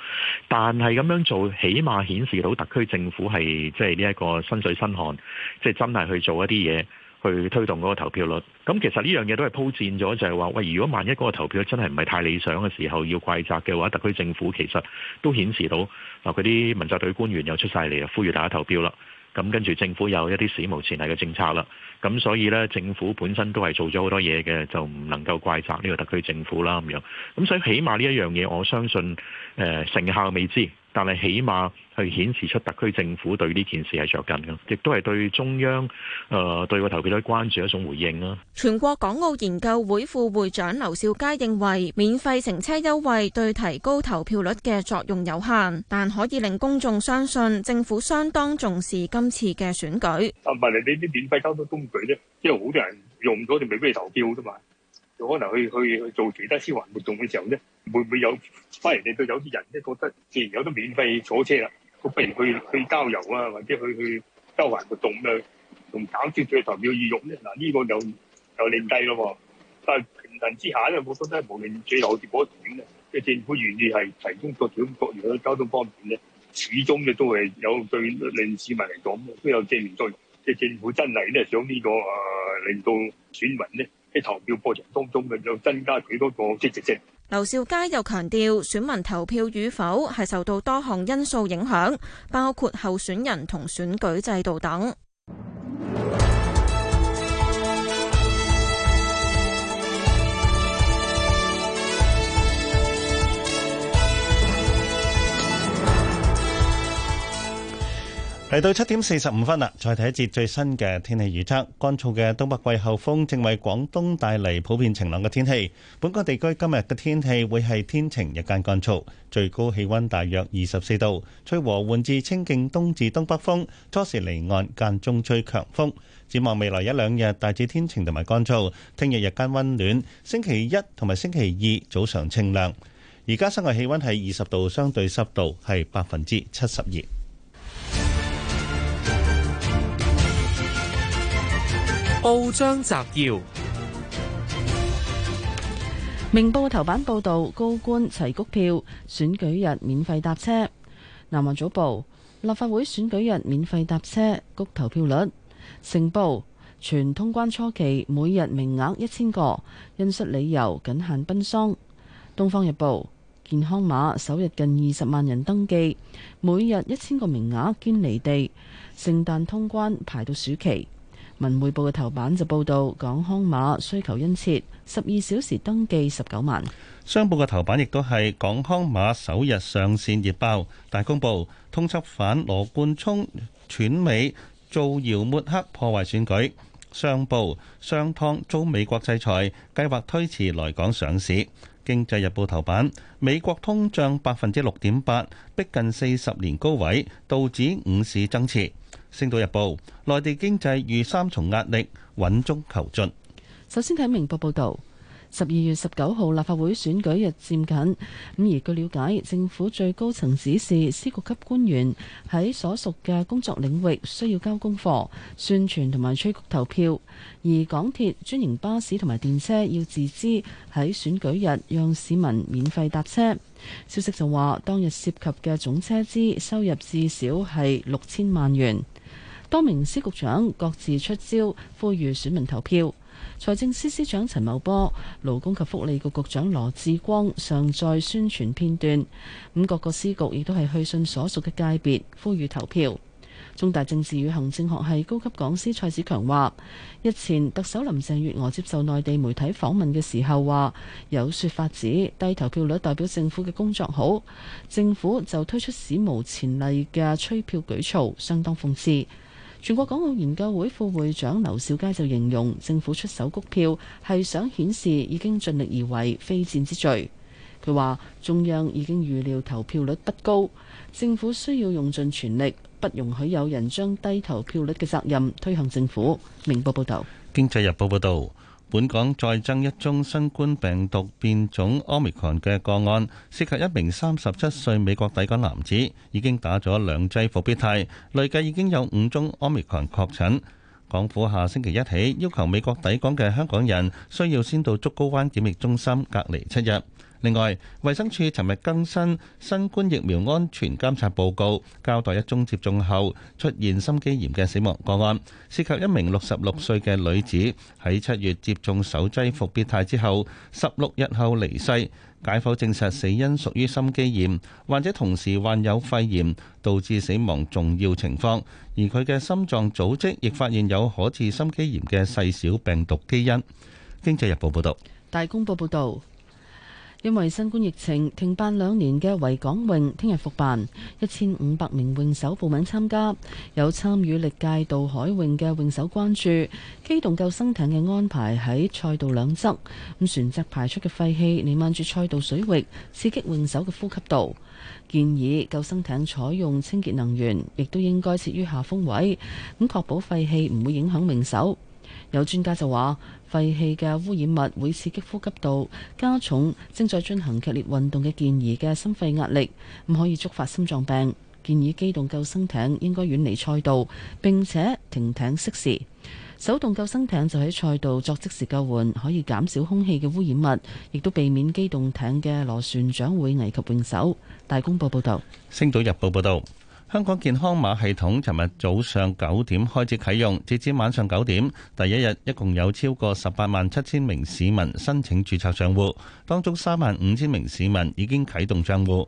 但係咁樣做起碼顯示到特區政府係即係呢一個身水身汗，即係真係去做一啲嘢，去推動嗰個投票率，咁其實呢樣嘢都係鋪墊咗，就係話喂，如果萬一嗰個投票真係唔係太理想嘅時候要怪責嘅話，特區政府其實都顯示到嗱，啲民陣隊官員又出晒嚟，就呼籲大家投票啦。咁跟住政府有一啲史無前例嘅政策啦，咁所以呢，政府本身都係做咗好多嘢嘅，就唔能夠怪責呢個特區政府啦咁樣。咁所以起碼呢一樣嘢，我相信、呃、成效未知。但係，起碼係顯示出特區政府對呢件事係着緊嘅，亦都係對中央誒、呃、對個投票率關注一種回應啦。全國港澳研究會副會長劉兆佳認為，免費乘車優惠對提高投票率嘅作用有限，但可以令公眾相信政府相當重視今次嘅選舉。唔係、啊、你啲免費交通工具啫，因為好多人用咗，你未必投票啫嘛。可能去去去做其他消閒活動嘅時候咧，會唔會有翻嚟？你對有啲人咧覺得，既然有得免費坐車啦，咁不如去去郊遊啊，或者去去周圍活動咁、啊、樣，從減少最頭投票意欲咧，嗱、啊、呢、這個就就另計咯噃。但係平衡之下咧，我覺得無論最後結果點咧，即係政府願意係提供各種各樣嘅交通方便咧，始終嘅都係有對令市民嚟講都有正面作用。即係政府真係咧想呢、這個誒、呃、令到選民咧。喺投票過程當中，咪又增加幾多個職位先？劉兆佳又強調，選民投票與否係受到多項因素影響，包括候選人同選舉制度等。嚟到七點四十五分啦，再睇一節最新嘅天氣預測。乾燥嘅東北季候風正為廣東帶嚟普遍晴朗嘅天氣。本港地區今日嘅天氣會係天晴，日間乾燥，最高氣溫大約二十四度，吹和緩至清勁東至東北風，初時離岸間中吹強風。展望未來一兩日大致天晴同埋乾燥，聽日日間溫暖，星期一同埋星期二早上清涼。而家室外氣溫係二十度，相對濕度係百分之七十二。報章摘要：明報頭版報道，高官齊谷票，選舉日免費搭車。南華早報：立法會選舉日免費搭車，谷投票率。成報：全通關初期，每日名額一千個，恩恤理由僅限奔喪。東方日報：健康碼首日近二十萬人登記，每日一千個名額堅離地，聖誕通關排到暑期。文匯報嘅頭版就報道港康碼需求殷切，十二小時登記十九萬。商報嘅頭版亦都係港康碼首日上線熱爆。大公報通緝犯羅冠聰串美造謠抹黑破壞選舉。商報商湯遭美國制裁，計劃推遲來港上市。經濟日報頭版美國通脹百分之六點八，逼近四十年高位，導致五市增持。《星島日報》內地經濟遇三重壓力，穩中求進。首先睇明報報道，十二月十九號立法會選舉日漸近咁，而據了解，政府最高層指示司局級官員喺所屬嘅工作領域需要交功課宣傳同埋催谷投票，而港鐵、專營巴士同埋電車要自資喺選舉日讓市民免費搭車。消息就話當日涉及嘅總車資收入至少係六千萬元。多名司局長各自出招，呼籲選民投票。財政司司長陳茂波、勞工及福利局局長羅致光上載宣傳片段。咁各個個司局亦都係去信所屬嘅界別，呼籲投票。中大政治與行政學系高級講師蔡子強話，日前特首林鄭月娥接受內地媒體訪問嘅時候話，有説法指低投票率代表政府嘅工作好，政府就推出史無前例嘅催票舉措，相當諷刺。全國港澳研究會副會長劉兆佳就形容政府出手谷票係想顯示已經盡力而為，非戰之罪。佢話中央已經預料投票率不高，政府需要用盡全力，不容許有人將低投票率嘅責任推向政府。明報報道。經濟日報報道。本港再增一宗新冠病毒變種 Omicron 嘅個案，涉及一名三十七歲美國抵港男子，已經打咗兩劑復必泰，累計已經有五宗 Omicron 確診，港府下星期一起要求美國抵港嘅香港人需要先到竹篙灣檢疫中心隔離七日。另外，衛生署尋日更新新冠疫苗安全監察報告，交代一宗接種後出現心肌炎嘅死亡個案，涉及一名六十六歲嘅女子，喺七月接種首劑伏必泰之後，十六日後離世。解剖證實死因屬於心肌炎，患者同時患有肺炎，導致死亡重要情況。而佢嘅心臟組織亦發現有可致心肌炎嘅細小病毒基因。經濟日報報導，大公報報導。因為新冠疫情停辦兩年嘅維港泳，聽日復辦，一千五百名泳手報名參加，有參與歷屆渡海泳嘅泳手關注，機動救生艇嘅安排喺賽道兩側，咁船隻排出嘅廢氣彌漫住賽道水域，刺激泳手嘅呼吸道。建議救生艇採用清潔能源，亦都應該設於下風位，咁確保廢氣唔會影響泳手。有專家就話：廢氣嘅污染物會刺激呼吸道，加重正在進行劇烈運動嘅健兒嘅心肺壓力，唔可以觸發心臟病。建議機動救生艇應該遠離賽道，並且停艇適時。手動救生艇就喺賽道作即時救援，可以減少空氣嘅污染物，亦都避免機動艇嘅螺旋槳會危及泳手。大公報報道。星島日報報道。香港健康碼系統尋日早上九點開始啟用，截至晚上九點，第一日一共有超過十八萬七千名市民申請注冊賬戶，當中三萬五千名市民已經啟動賬戶。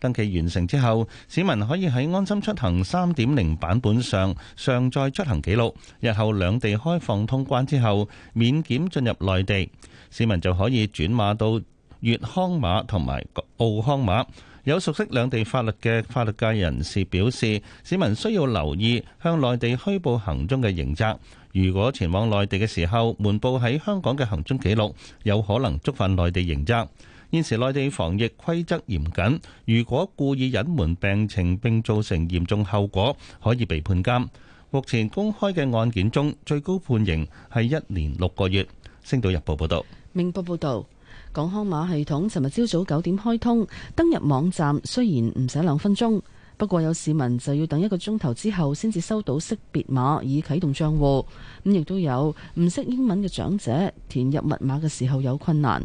登記完成之後，市民可以喺安心出行三點零版本上上載出行記錄。日後兩地開放通關之後，免檢進入內地，市民就可以轉碼到粵康碼同埋澳康碼。有熟悉兩地法律嘅法律界人士表示，市民需要留意向內地虛報行蹤嘅刑責。如果前往內地嘅時候，瞞報喺香港嘅行蹤記錄，有可能觸犯內地刑責。現時內地防疫規則嚴謹，如果故意隱瞞病情並造成嚴重後果，可以被判監。目前公開嘅案件中，最高判刑係一年六個月。星島日報報道。明報報道。港康碼系統尋日朝早九點開通，登入網站雖然唔使兩分鐘，不過有市民就要等一個鐘頭之後先至收到識別碼以啟動賬戶。咁亦都有唔識英文嘅長者填入密碼嘅時候有困難。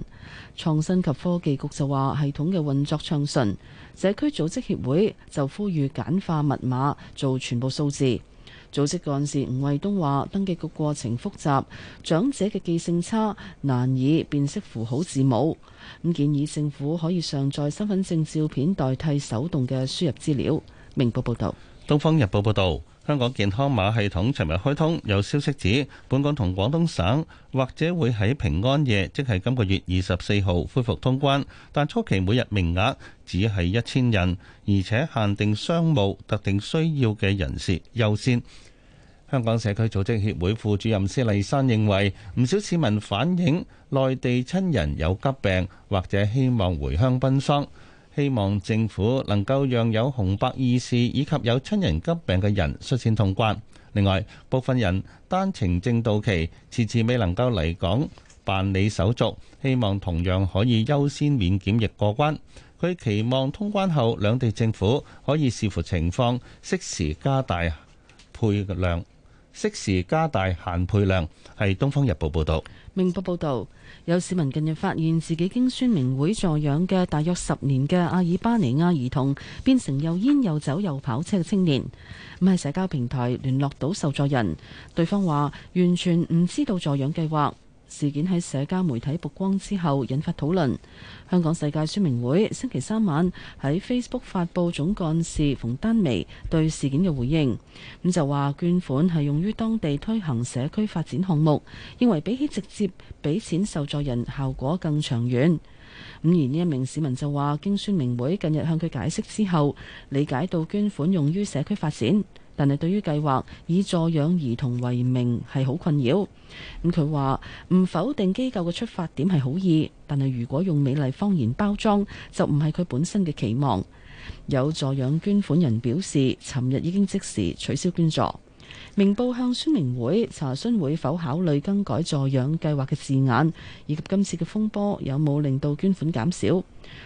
創新及科技局就話系統嘅運作暢順，社區組織協會就呼籲簡化密碼，做全部數字。組織幹事吳惠東話：登記局過程複雜，長者嘅記性差，難以辨識符號字母。咁建議政府可以上載身份證照片代替手動嘅輸入資料。明報報道。《東方日報》報道。香港健康碼系統尋日開通，有消息指本港同廣東省或者會喺平安夜，即係今個月二十四號恢復通關，但初期每日名額只係一千人，而且限定商務特定需要嘅人士優先。香港社區組織協會副主任施麗珊認為，唔少市民反映內地親人有急病或者希望回鄉奔喪。希望政府能夠讓有紅白意事以及有親人急病嘅人率先通關。另外，部分人單程證到期遲遲未能夠嚟港辦理手續，希望同樣可以優先免檢疫過關。佢期望通關後，兩地政府可以視乎情況，適時加大配量。適時加大限配量，係《東方日報》報道。明報報道，有市民近日發現自己經宣明會助養嘅大約十年嘅阿爾巴尼亞兒童，變成又煙又酒又跑車嘅青年。咁喺社交平台聯絡到受助人，對方話完全唔知道助養計劃。事件喺社交媒體曝光之後，引發討論。香港世界宣明會星期三晚喺 Facebook 發布總幹事馮丹薇對事件嘅回應，咁就話捐款係用於當地推行社區發展項目，認為比起直接俾錢受助人，效果更長遠。咁而呢一名市民就話，經宣明會近日向佢解釋之後，理解到捐款用於社區發展。但係對於計劃以助養兒童為名係好困擾。咁佢話唔否定機構嘅出發點係好意，但係如果用美麗謊言包裝，就唔係佢本身嘅期望。有助養捐款人表示，尋日已經即時取消捐助。明報向宣明會查詢會否考慮更改助養計劃嘅字眼，以及今次嘅風波有冇令到捐款減少。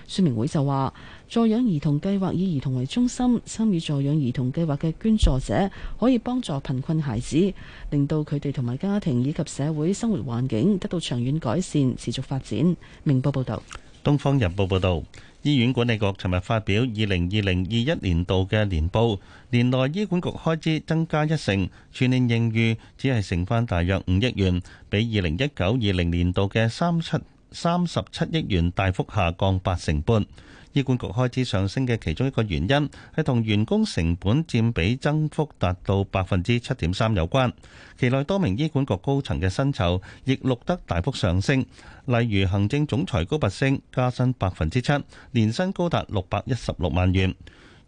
說明會就話，助養兒童計劃以兒童為中心，參與助養兒童計劃嘅捐助者可以幫助貧困孩子，令到佢哋同埋家庭以及社會生活環境得到長遠改善，持續發展。明報報道，東方日報報道，醫院管理局尋日發表二零二零二一年度嘅年報，年內醫管局開支增加一成，全年盈餘只係剩翻大約五億元，比二零一九、二零年度嘅三七。三十七億元大幅下降八成半，醫管局開支上升嘅其中一個原因係同員工成本佔比增幅達到百分之七點三有關。期內多名醫管局高層嘅薪酬亦錄得大幅上升，例如行政總裁高拔陞加薪百分之七，年薪高達六百一十六萬元。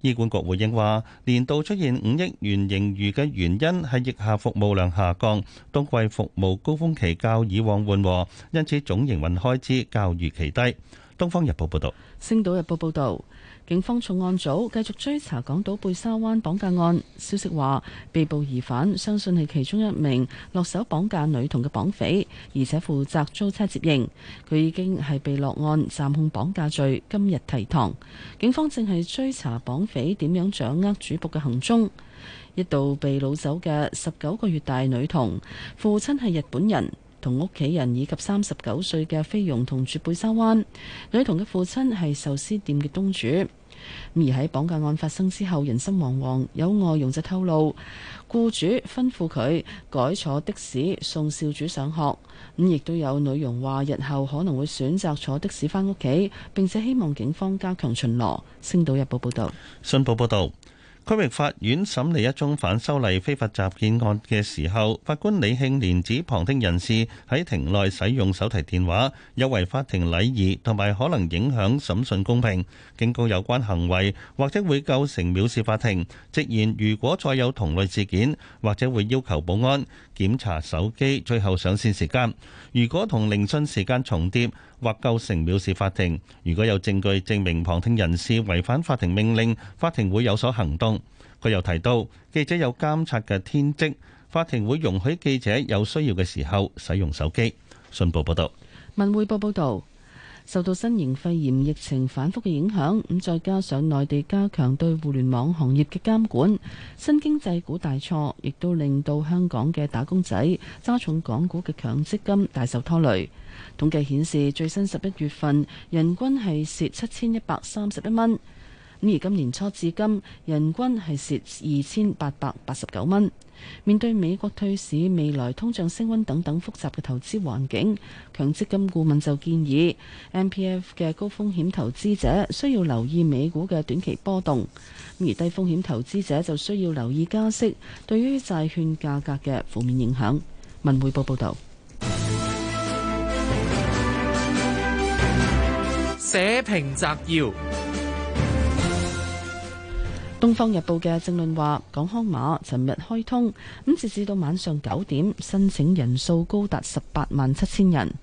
醫管局回應話，年度出現五億元盈餘嘅原因係疫下服務量下降，冬季服務高峰期較以往緩和，因此總營運開支較預期低。東方日報報道，星島日報報道。警方重案組繼續追查港島貝沙灣綁架案。消息話，被捕疑犯相信係其中一名落手綁架女童嘅綁匪，而且負責租車接應。佢已經係被落案，暫控綁架罪，今日提堂。警方正係追查綁匪點樣掌握主僕嘅行蹤。一度被擄走嘅十九個月大女童，父親係日本人，同屋企人以及三十九歲嘅菲傭同住貝沙灣。女童嘅父親係壽司店嘅東主。而喺綁架案發生之後，人心惶惶。有外傭就透露，僱主吩咐佢改坐的士送少主上學。咁亦都有女傭話，日後可能會選擇坐的士翻屋企，並且希望警方加強巡邏。星島日報報道，新報報道。區域法院審理一宗反修例非法集結案嘅時候，法官李慶年指旁聽人士喺庭內使用手提電話，有違法庭禮儀，同埋可能影響審訊公平，警告有關行為，或者會構成藐視法庭，直言如果再有同類事件，或者會要求保安，檢查手機最後上線時間，如果同聆訊時間重疊，或構成藐視法庭。如果有證據證明旁聽人士違反法庭命令，法庭會有所行動。佢又提到，記者有監察嘅天職，法庭會容許記者有需要嘅時候使用手機。信報報道，文匯報報道，受到新型肺炎疫情反覆嘅影響，咁再加上內地加強對互聯網行業嘅監管，新經濟股大挫，亦都令到香港嘅打工仔揸重港股嘅強積金大受拖累。統計顯示，最新十一月份人均係蝕七千一百三十一蚊，而今年初至今人均係蝕二千八百八十九蚊。面對美國退市、未來通脹升溫等等複雜嘅投資環境，強積金顧問就建議，MPF 嘅高風險投資者需要留意美股嘅短期波動，而低風險投資者就需要留意加息對於債券價格嘅負面影響。文匯報報導。社評摘要，《東方日報》嘅正論話：港康碼尋日開通，咁截至到晚上九點，申請人數高達十八萬七千人。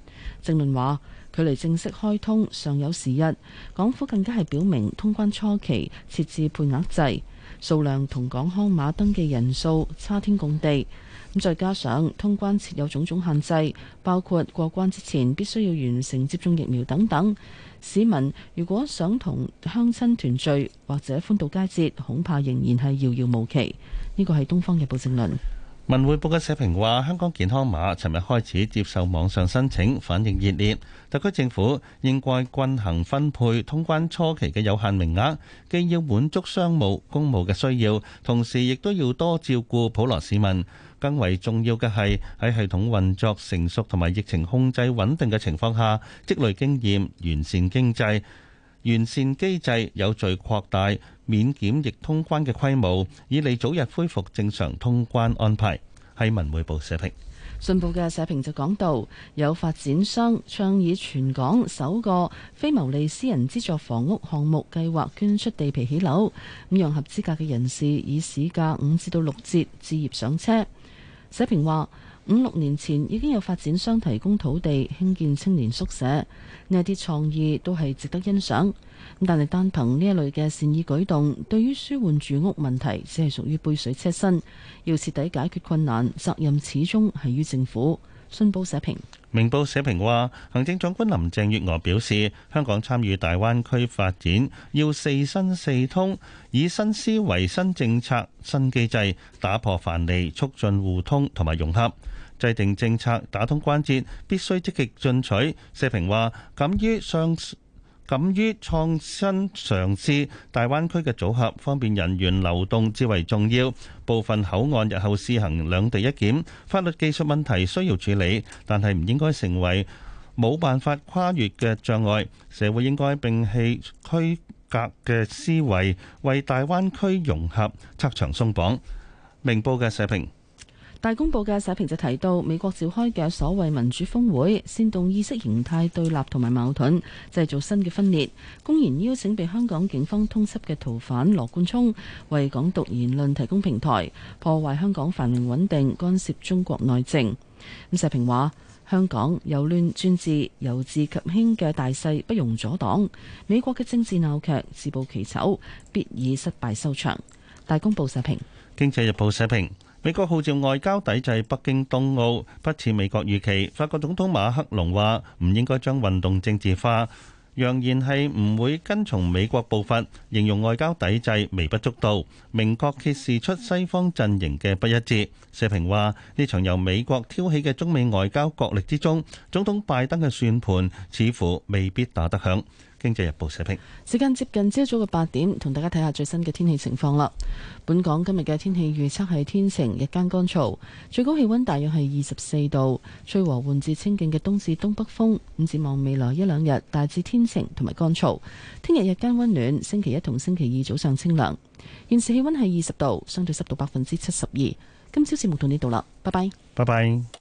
正論話，距離正式開通尚有時日。港府更加係表明，通關初期設置配額制，數量同港康碼登記人數差天共地。咁再加上通關設有種種限制，包括過關之前必須要完成接種疫苗等等。市民如果想同鄉親團聚或者歡度佳節，恐怕仍然係遙遙無期。呢個係《東方日報》政論。文匯報嘅社評話：香港健康碼尋日開始接受網上申請，反應熱烈。特區政府應該均衡分配通關初期嘅有限名額，既要滿足商務公務嘅需要，同時亦都要多照顧普羅市民。更為重要嘅係，喺系統運作成熟同埋疫情控制穩定嘅情況下，積累經驗、完善經濟、完善機制，有序擴大免檢疫通關嘅規模，以嚟早日恢復正常通關安排。係文匯報社評。信報嘅社評就講到，有發展商倡議全港首個非牟利私人資助房屋項目計劃，捐出地皮起樓，咁讓合資格嘅人士以市價五至到六折置業上車。社評話：五六年前已經有發展商提供土地興建青年宿舍，呢啲創意都係值得欣賞。但係單憑呢一類嘅善意舉動，對於舒緩住屋問題，只係屬於杯水車薪。要徹底解決困難，責任始終繫於政府。信報社評。明報社評話，行政長官林鄭月娥表示，香港參與大灣區發展要四新四通，以新思維、新政策、新機制，打破藩籬，促進互通同埋融合，制定政策打通關節，必須積極進取。社評話，敢於上。敢於創新嘗試，大灣區嘅組合方便人員流動至為重要。部分口岸日後試行兩地一檢，法律技術問題需要處理，但係唔應該成為冇辦法跨越嘅障礙。社會應該摒棄區隔嘅思維，為大灣區融合拆牆鬆綁。明報嘅社評。大公報嘅社評就提到，美國召開嘅所謂民主峰會，煽動意識形態對立同埋矛盾，製造新嘅分裂，公然邀請被香港警方通緝嘅逃犯羅冠聰，為港獨言論提供平台，破壞香港繁榮穩定，干涉中國內政。咁社評話：香港由亂轉治，由治及興嘅大勢不容阻擋。美國嘅政治鬧劇自暴其醜，必以失敗收場。大公報社評，《經濟日報》社評。美國號召外交抵制北京冬奧，不似美國預期。法國總統馬克龍話唔應該將運動政治化，揚言係唔會跟從美國步伐，形容外交抵制微不足道，明確揭示出西方陣營嘅不一致。社評話，呢場由美國挑起嘅中美外交角力之中，總統拜登嘅算盤似乎未必打得響。經濟日報社評，時間接近朝早嘅八點，同大家睇下最新嘅天氣情況啦。本港今日嘅天氣預測係天晴，日間乾，乾燥，最高氣溫大約係二十四度，吹和緩至清勁嘅東至東北風。咁展望未來一兩日，大致天晴同埋乾燥。聽日日間溫暖，星期一同星期二早上清涼。現時氣溫係二十度，相對濕度百分之七十二。今朝節目到呢度啦，拜拜，拜拜。